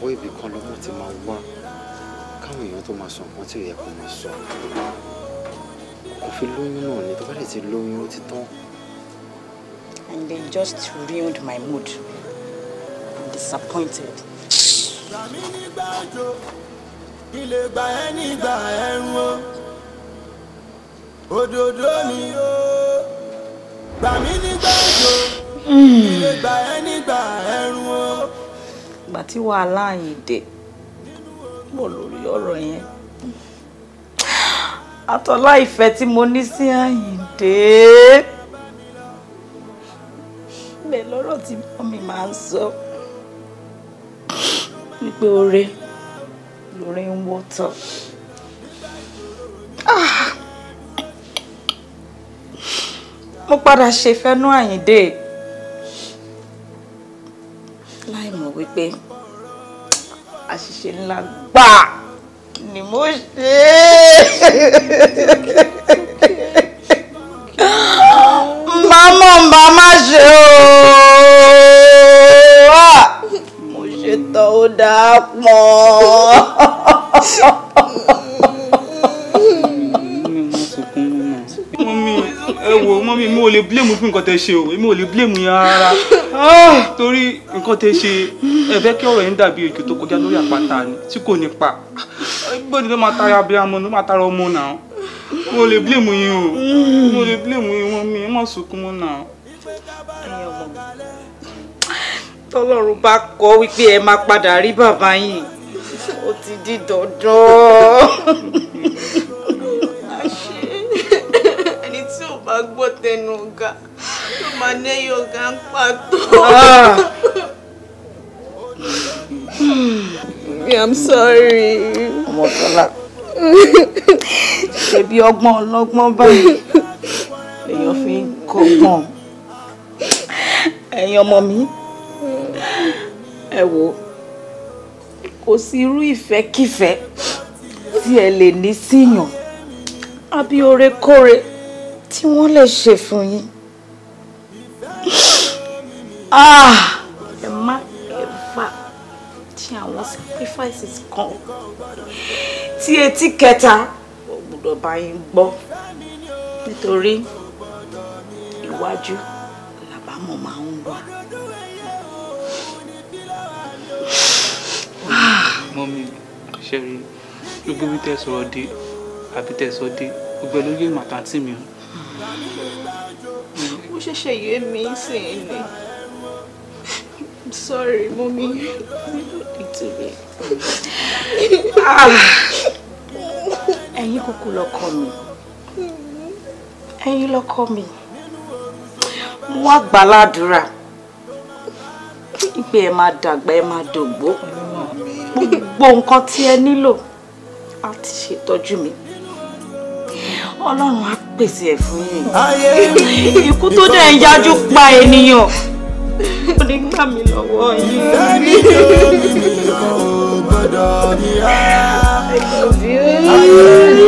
wọ́n ibì kan lọ́mọ ti máa wá káwọn èèyàn tó máa sọ nǹkan tí ò yẹ kó máa sọ kò fi lóyún náà ni tó bá lè ti lóyún ó ti tán. and they just ruined my mood I'm disappointed. ilé gba ẹni gba ẹrun o òdòdó mi o gbà mí nígbà òjò hmm. ilé gbà ẹ́ nígbà ẹ̀rùn o. ìgbà tí wàhálà yìí dé pọ̀ lórí ọ̀rọ̀ yẹn àtọ́lá ìfẹ́ tí mo ní sí àyìndé bẹ́ẹ̀ lọ́rọ̀ tí mọ́mí máa ń sọ wípé oore lóore ń wọ́tọ̀. Ah! mo padà ṣe fẹ́nú Àyìndé láì mọ̀ wípé àṣìṣe ńlá gbáà ni mo ṣe màmá màmá ṣe ooo mo ṣe tán ó dáa pọ̀. ẹ wò ó mọ́mí mi ò lè blame fún nǹkan tẹ́ ṣe o èmi ò lè blame yẹn rárá ah, torí nǹkan tẹ́ ṣe ẹ fẹ́ kí ọ̀rọ̀ yẹn dàbí òjò tó kọjá lórí àpáta ni tí kò ní pa bọ́dẹ ló máa tara abiyamọ ló máa tara ọmọ náà mo lè blame yín o mo lè blame yín wọn mi ẹ má sunkún mọ́ náà. tọ́lọ́run bá kọ wípé ẹ máa padà rí bàbá yín ó ti di dandan. gbọ́ tẹnu ọ̀gá tó máa nẹ́yìn ọ̀gá ń pàtó. Hmm. I'm sorry. ọmọ tọ́lá ṣebí ọgbọ́n ọlọ́gbọ́n báyìí lèèyàn fi ń kọ́gbọ́n ẹ̀yin ọmọ mi ẹ wò kò sí irú ìfẹ́kífẹ́ tí ẹ lè ní síyàn àbí oore kóore tí wọ́n lè ṣe fún yín. Ah! ẹ má ẹ̀fà tí àwọn sacrifices kan tí etí kẹta ò gbọ́dọ̀ bá yín gbọ́ nítorí iwájú làbámọ̀ máa ń wà. mọ́mí ṣẹ́rí gbogbo bí tẹ̀sọ̀ ọdẹ àbí tẹ̀sọ̀ ọdẹ gbogbo ẹ̀ ló yé màtá tì mí o mo ṣẹ̀ṣẹ̀ yé mi sí i ni I'm sorry mommy you don't need to be. ẹ̀yin kúkú lọ́kọ mi ẹ̀yin lọ́kọ mi mo wá gbà ládùúrà ìgbé ẹ máa dàgbà ẹ máa dògbó gbogbo nǹkan tí ẹ nílò á ṣètọ́jú mi ọlọ́run á pèsè ẹ̀ fún yín ikú tó dẹ̀ ń yájú pa ènìyàn ó ní gbà mí lọ́wọ́ yín. ẹni tó ní ò gbọ́dọ̀ ní á. ayé ẹni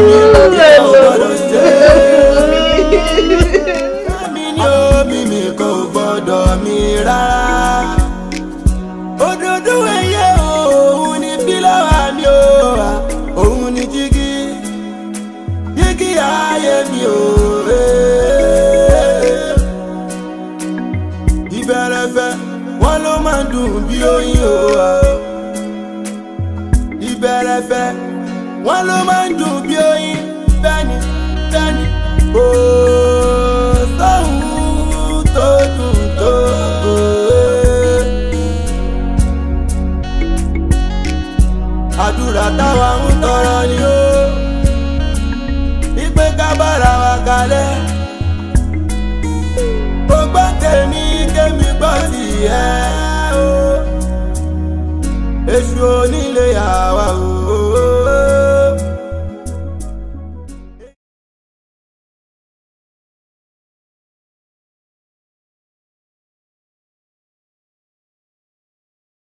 ni omi mi kò gbọ́dọ̀ mi rárá. lóyún o wa. Ìbẹ̀rẹ̀fẹ̀ wọ́n ló máa ń dùn bí oyin bẹ́ẹ̀ni bẹ́ẹ̀ni ooo sóhun tó dùn tó ooo. Àdúrà táwa ń tọrọ ni o ìpè ká bára wa kalẹ̀ ó gbọ́ tèmi kémi gbọ́ tìẹ èṣù onílé àwa o.